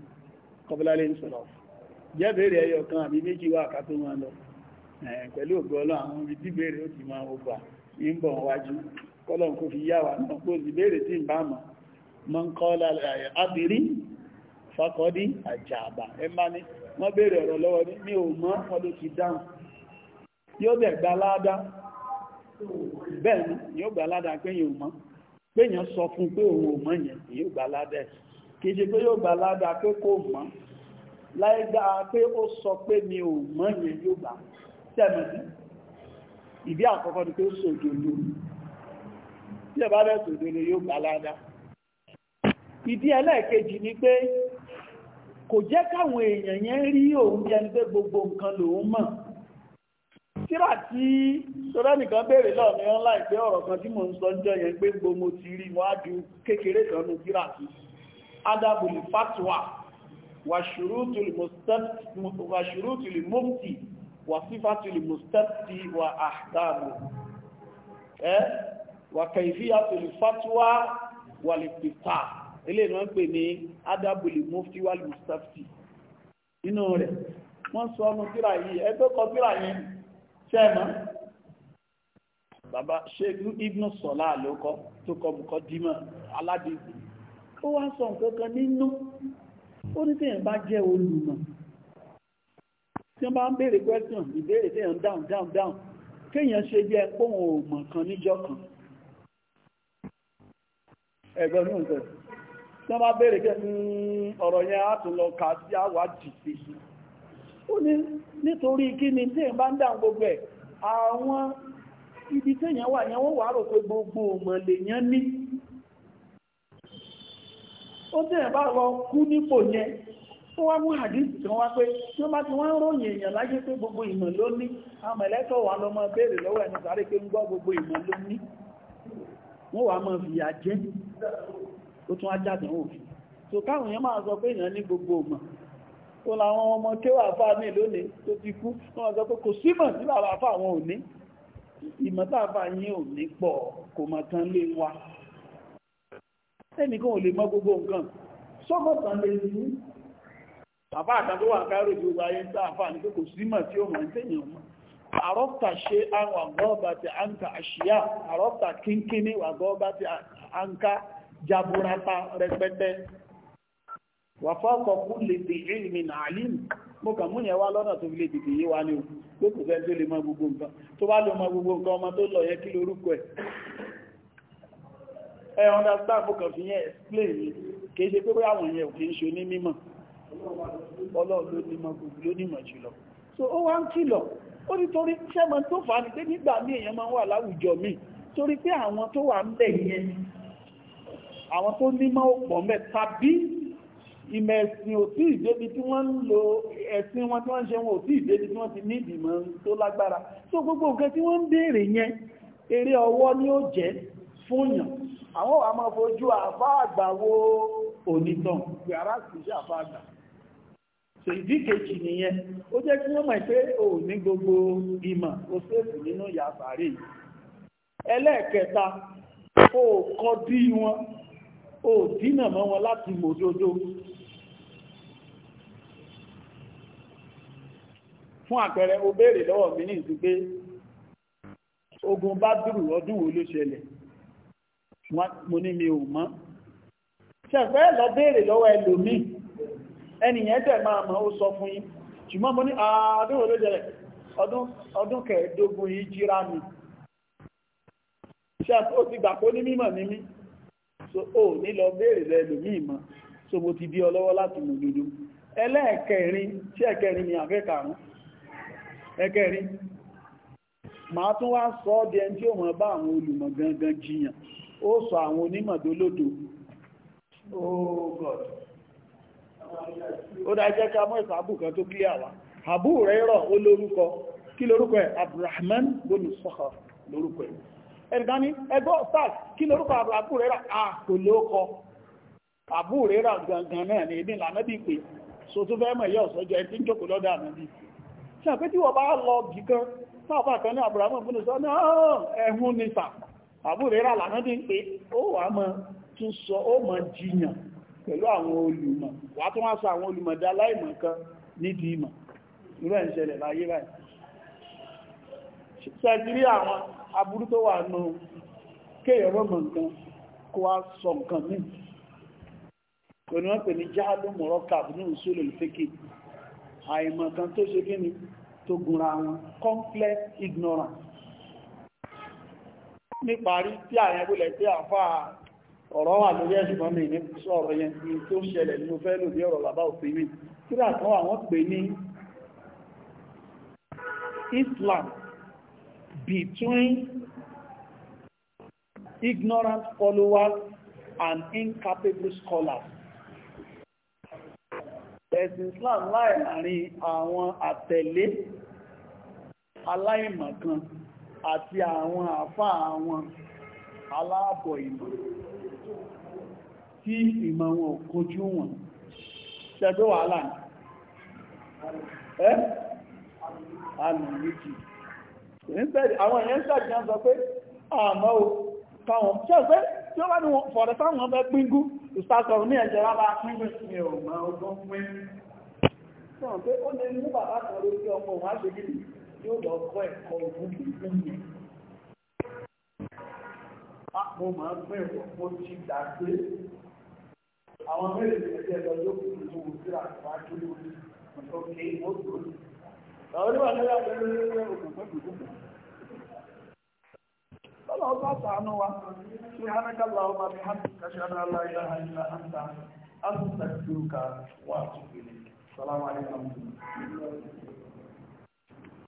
Speaker 1: قبل الانصراف jẹ́ bèèrè ẹyọ kan àbí méjì wà ibi tí bèèrè ó ti máa ọgbà ní ń bọ̀ wájú kọ́lọ̀ kò fi yá wa náà kó sì bèèrè tí ń bá mọ̀ mọ́ ń kọ́ lálẹ́ àbírí mi péyàn sọ fún pé òun ò mọ̀ yẹn kì yóò gba ládẹ kì í ṣe pé yóò gba ládà pé kò mọ̀ láìgbà pé ó sọ pé mi ò mọ̀ yẹn yóò gbà tẹmọ sí ìdí àkọ́kọ́ ni pé ó sòdodo tí ẹ bá bẹ sòdodo yóò gba ìdí ẹlẹ́ẹ̀kejì ni pé kò jẹ́ káwọn èèyàn yẹn rí òun bí ẹni pé gbogbo nǹkan lòun mọ̀ tíra tí sọ́rọ́ nìkan béèrè lọ́ọ̀ ní online pé ọ̀rọ̀ kan tí mo ń sọ jọ yẹn pé gbogbo mo ti rí wọ́n á ju kékeré kan ní tíra tí adabul fatwa wàṣúrútùlì mufti wàsífàtùlì mustafti wà ahkamu ẹ́ wà kàìfíyàtùlì fatwa wàlìpìtà ilé ìrìn wọ́n pè ní adabul mufti wàlìmustafti inú rẹ̀ wọ́n sọ ọmọ tíra yìí ẹgbẹ́ kọ tíra yìí sẹ́mọ̀ bàbá ṣẹ́gun ibnu sọ̀lá ló kọ́ tó kọ́ bùkọ́ dímọ̀ aládìsí ó wá sọ nǹkan kan nínú ó ní tí èèyàn bá jẹ́ olùmọ̀ tí wọ́n bá ń bèèrè question ìbéèrè tí èèyàn down down down kéèyàn ṣe jẹ́ kan níjọ́ kan ẹ̀gbọ́n tí wọ́n bá kẹ́ hmm, ọ̀rọ̀ yẹn á tún lọ kà sí àwádìí sí ó ní nítorí kí ni tí èyàn bá ń dáhùn gbogbo ẹ̀ àwọn ibi tí èyàn wà yẹn wọ́n wà rò pé gbogbo òmọ̀ lèyàn ní ó tí èyàn bá lọ kú nípò yẹn tó wá mú àdíjì tí wọ́n wá pé tí wọ́n bá ti wọ́n ròyìn èyàn láyé pé gbogbo ìmọ̀ ló ní àwọn mẹ̀lẹ́kọ̀ wà lọ́mọ béèrè lọ́wọ́ ẹni sáré pé ń gbọ́ gbogbo ìmọ̀ ló ní wọ́n wà mọ̀ fìyà jẹ́ ó tún á jáde òfin so káwọn èèyàn máa sọ pé èèyàn ní gbogbo ìmọ̀ òun làwọn ọmọ kéwà fà ní lónìí tó ti kú wọ́n sọ pé kò símọ̀ sí bàbá fà wọn ò ní ìmọ̀tàfà yín ò ní pọ̀ kò mọ̀ tán lé wa ẹnìkan ò lè mọ̀ gbogbo nǹkan sọ́gbọ̀ tán lè ní bàbá àtàn tó wà kárò gbogbo ayé ń tàfà ní pé kò símọ̀ tí ó mọ̀ ń tẹ̀yìn ọmọ àrọ́pta ṣe àwọn àgọ́ọ̀bá ti àǹkà wàfọ́kọ̀ kú lè ti ilmi na alim mo kàn mú yẹn wá lọ́nà tó fi lè dìde yé wa ní o tó kù fẹ́ tó lè mọ gbogbo nǹkan tó bá lè mọ gbogbo nǹkan ọmọ tó lọ yẹn kí lórúkọ ẹ̀ ẹ understand mo kàn fi yẹn explain yìí kìí ṣe pé pé àwọn yẹn ò kìí ṣe ní mímọ̀ ọlọ́run ní so ó wá ń kìlọ̀ ó ní torí sẹ́mọ tó fà á ní pé nígbà míì èèyàn máa ìmọ̀ ẹ̀sìn ò tí ìdébi tí wọ́n ń lo ẹ̀sìn wọn tí wọ́n ń ṣe wọn ò tí ìdébi tí wọ́n ti ní ìdìmọ̀ tó lágbára so gbogbo nǹkan tí wọ́n ń béèrè yẹn eré ọwọ́ ni ó jẹ́ fúnyàn àwọn àmà fojú àfá wo onítàn pé ara sì ṣe so ìdí kejì nìyẹn ó jẹ́ kí wọ́n mọ̀ pé ò ní gbogbo ìmọ̀ ó sèkù nínú ìyá sàárè ẹlẹ́ẹ̀kẹta ó kọ́ bí wọn ó dínà mọ́ wọn láti mọ̀ òdodo fún àpẹẹrẹ o béèrè lọ́wọ́ mi ní ìsìnkú ogun bá dùrù ọdún wo ló ṣẹlẹ̀ mo ní mi ò mọ̀ ṣẹ̀fẹ́ lọ béèrè lọ́wọ́ ẹlòmíì ẹnìyàn tẹ̀ máa mọ̀ ó sọ fún yín ṣùgbọ́n mo ní ọdún wo ló ṣẹlẹ̀ ọdún kẹẹ̀ẹ́dógún yìí jíra mi ṣẹ́fẹ́ ó ti gbà pé ní mímọ̀ ní mí so o ní lọ béèrè lẹ so mo ti bí ọ láti mú dúdú ẹlẹ́ẹ̀kẹrin tí ní ni àfẹ́kàrún ẹ̀kẹrin màá tún wá sọ ọ́ di tí ó mọ̀ bá àwọn olùmọ̀ gangan jiyàn ó sọ àwọn onímọ̀ oh, god ó mọ́ kan tó àbú rẹ̀ abdulrahman sọ́kọ̀ ẹnìkan ní ẹgbọ́ stark kí lórúkọ àbúrò rẹ̀ à kò lóókọ àbúrò rẹ̀ gangan náà ní ibi ìlànà bí pé so tó fẹ́ mọ̀ yẹ́ ọ̀sọ́jọ́ ẹni tí ń jókòó lọ́dọ̀ àmì bí ṣe àpé tí wọ́n bá lọ bì kan sáàpá kan ní àbúrámọ̀ fún ìsọ náà ẹ̀hún ní sà àbúrò rẹ̀ lànà bí pé ó wà mọ́ tún sọ ó mọ̀ jiyàn pẹ̀lú kan nídìí ìmọ̀ irú ẹ̀ ń ṣẹlẹ̀ láyé báyìí ṣẹ́ẹ̀tì àwọn aburú tó wà nù kéèyàn rọ́mọ̀ nǹkan kó wá sọ nǹkan mí pẹ̀lú wọn pè ní jáàlú mọ̀rọ̀ kàbí ní òṣèlú ìfẹ́kì àìmọ̀ kan tó ṣe kí ni tó gunra wọn complex ignorance níparí tí àyẹ̀ bólẹ̀ tí àfá ọ̀rọ̀ wà lórí ẹ̀ṣùgbọ́n mi ní sọ̀rọ̀ yẹn tí tó ṣẹlẹ̀ ní mo fẹ́ lò bí ọ̀rọ̀ bàbá òfin mi tí àtọ́ àwọn pè ní Islam between ignorant followers and incapable scholars. Ẹ̀sìn Islam láì àárín àwọn àtẹ̀lé aláìmọ̀kan àti àwọn àfá àwọn aláàbọ̀ ìmọ̀ tí ìmọ̀ wọn ò kojú wọn. Ṣẹ́gbẹ́ wàhálà ní. Ẹ́? Alùmíjì àwọn èèyàn ṣàjìyàn sọ pé àmọ́ o káwọn ṣe pé tí ó bá ní fọ̀rẹ̀ táwọn ọmọ píngú ìsásọ̀rọ̀ ní ẹ̀jẹ̀ rábá píngú ní ọmọ ọgbọ́n pín sọ̀rọ̀ pé ó lè mú bàbá kan lórí ọmọ òun aṣèjì yóò lọ kọ́ ẹ̀kọ́ òun pín yẹn mo máa ń pín ìwọ̀n mo ti gbà pé àwọn mẹ́rin ẹgbẹ́ lọ yóò fi ìlú òun síra ìwájú lórí ọ̀sán kí ó dòó oníwà ní ìyá pẹ̀lú ilé òkùnkùnkùn. Bọ́lá ọba sàánú wa, ṣe hánákàlá ọba mi hàn kàṣàdá aláìlá àìlá àǹtà, àtúntà ìlú ká wà àtúntà ìlú. Sọlá wa ní ọmọ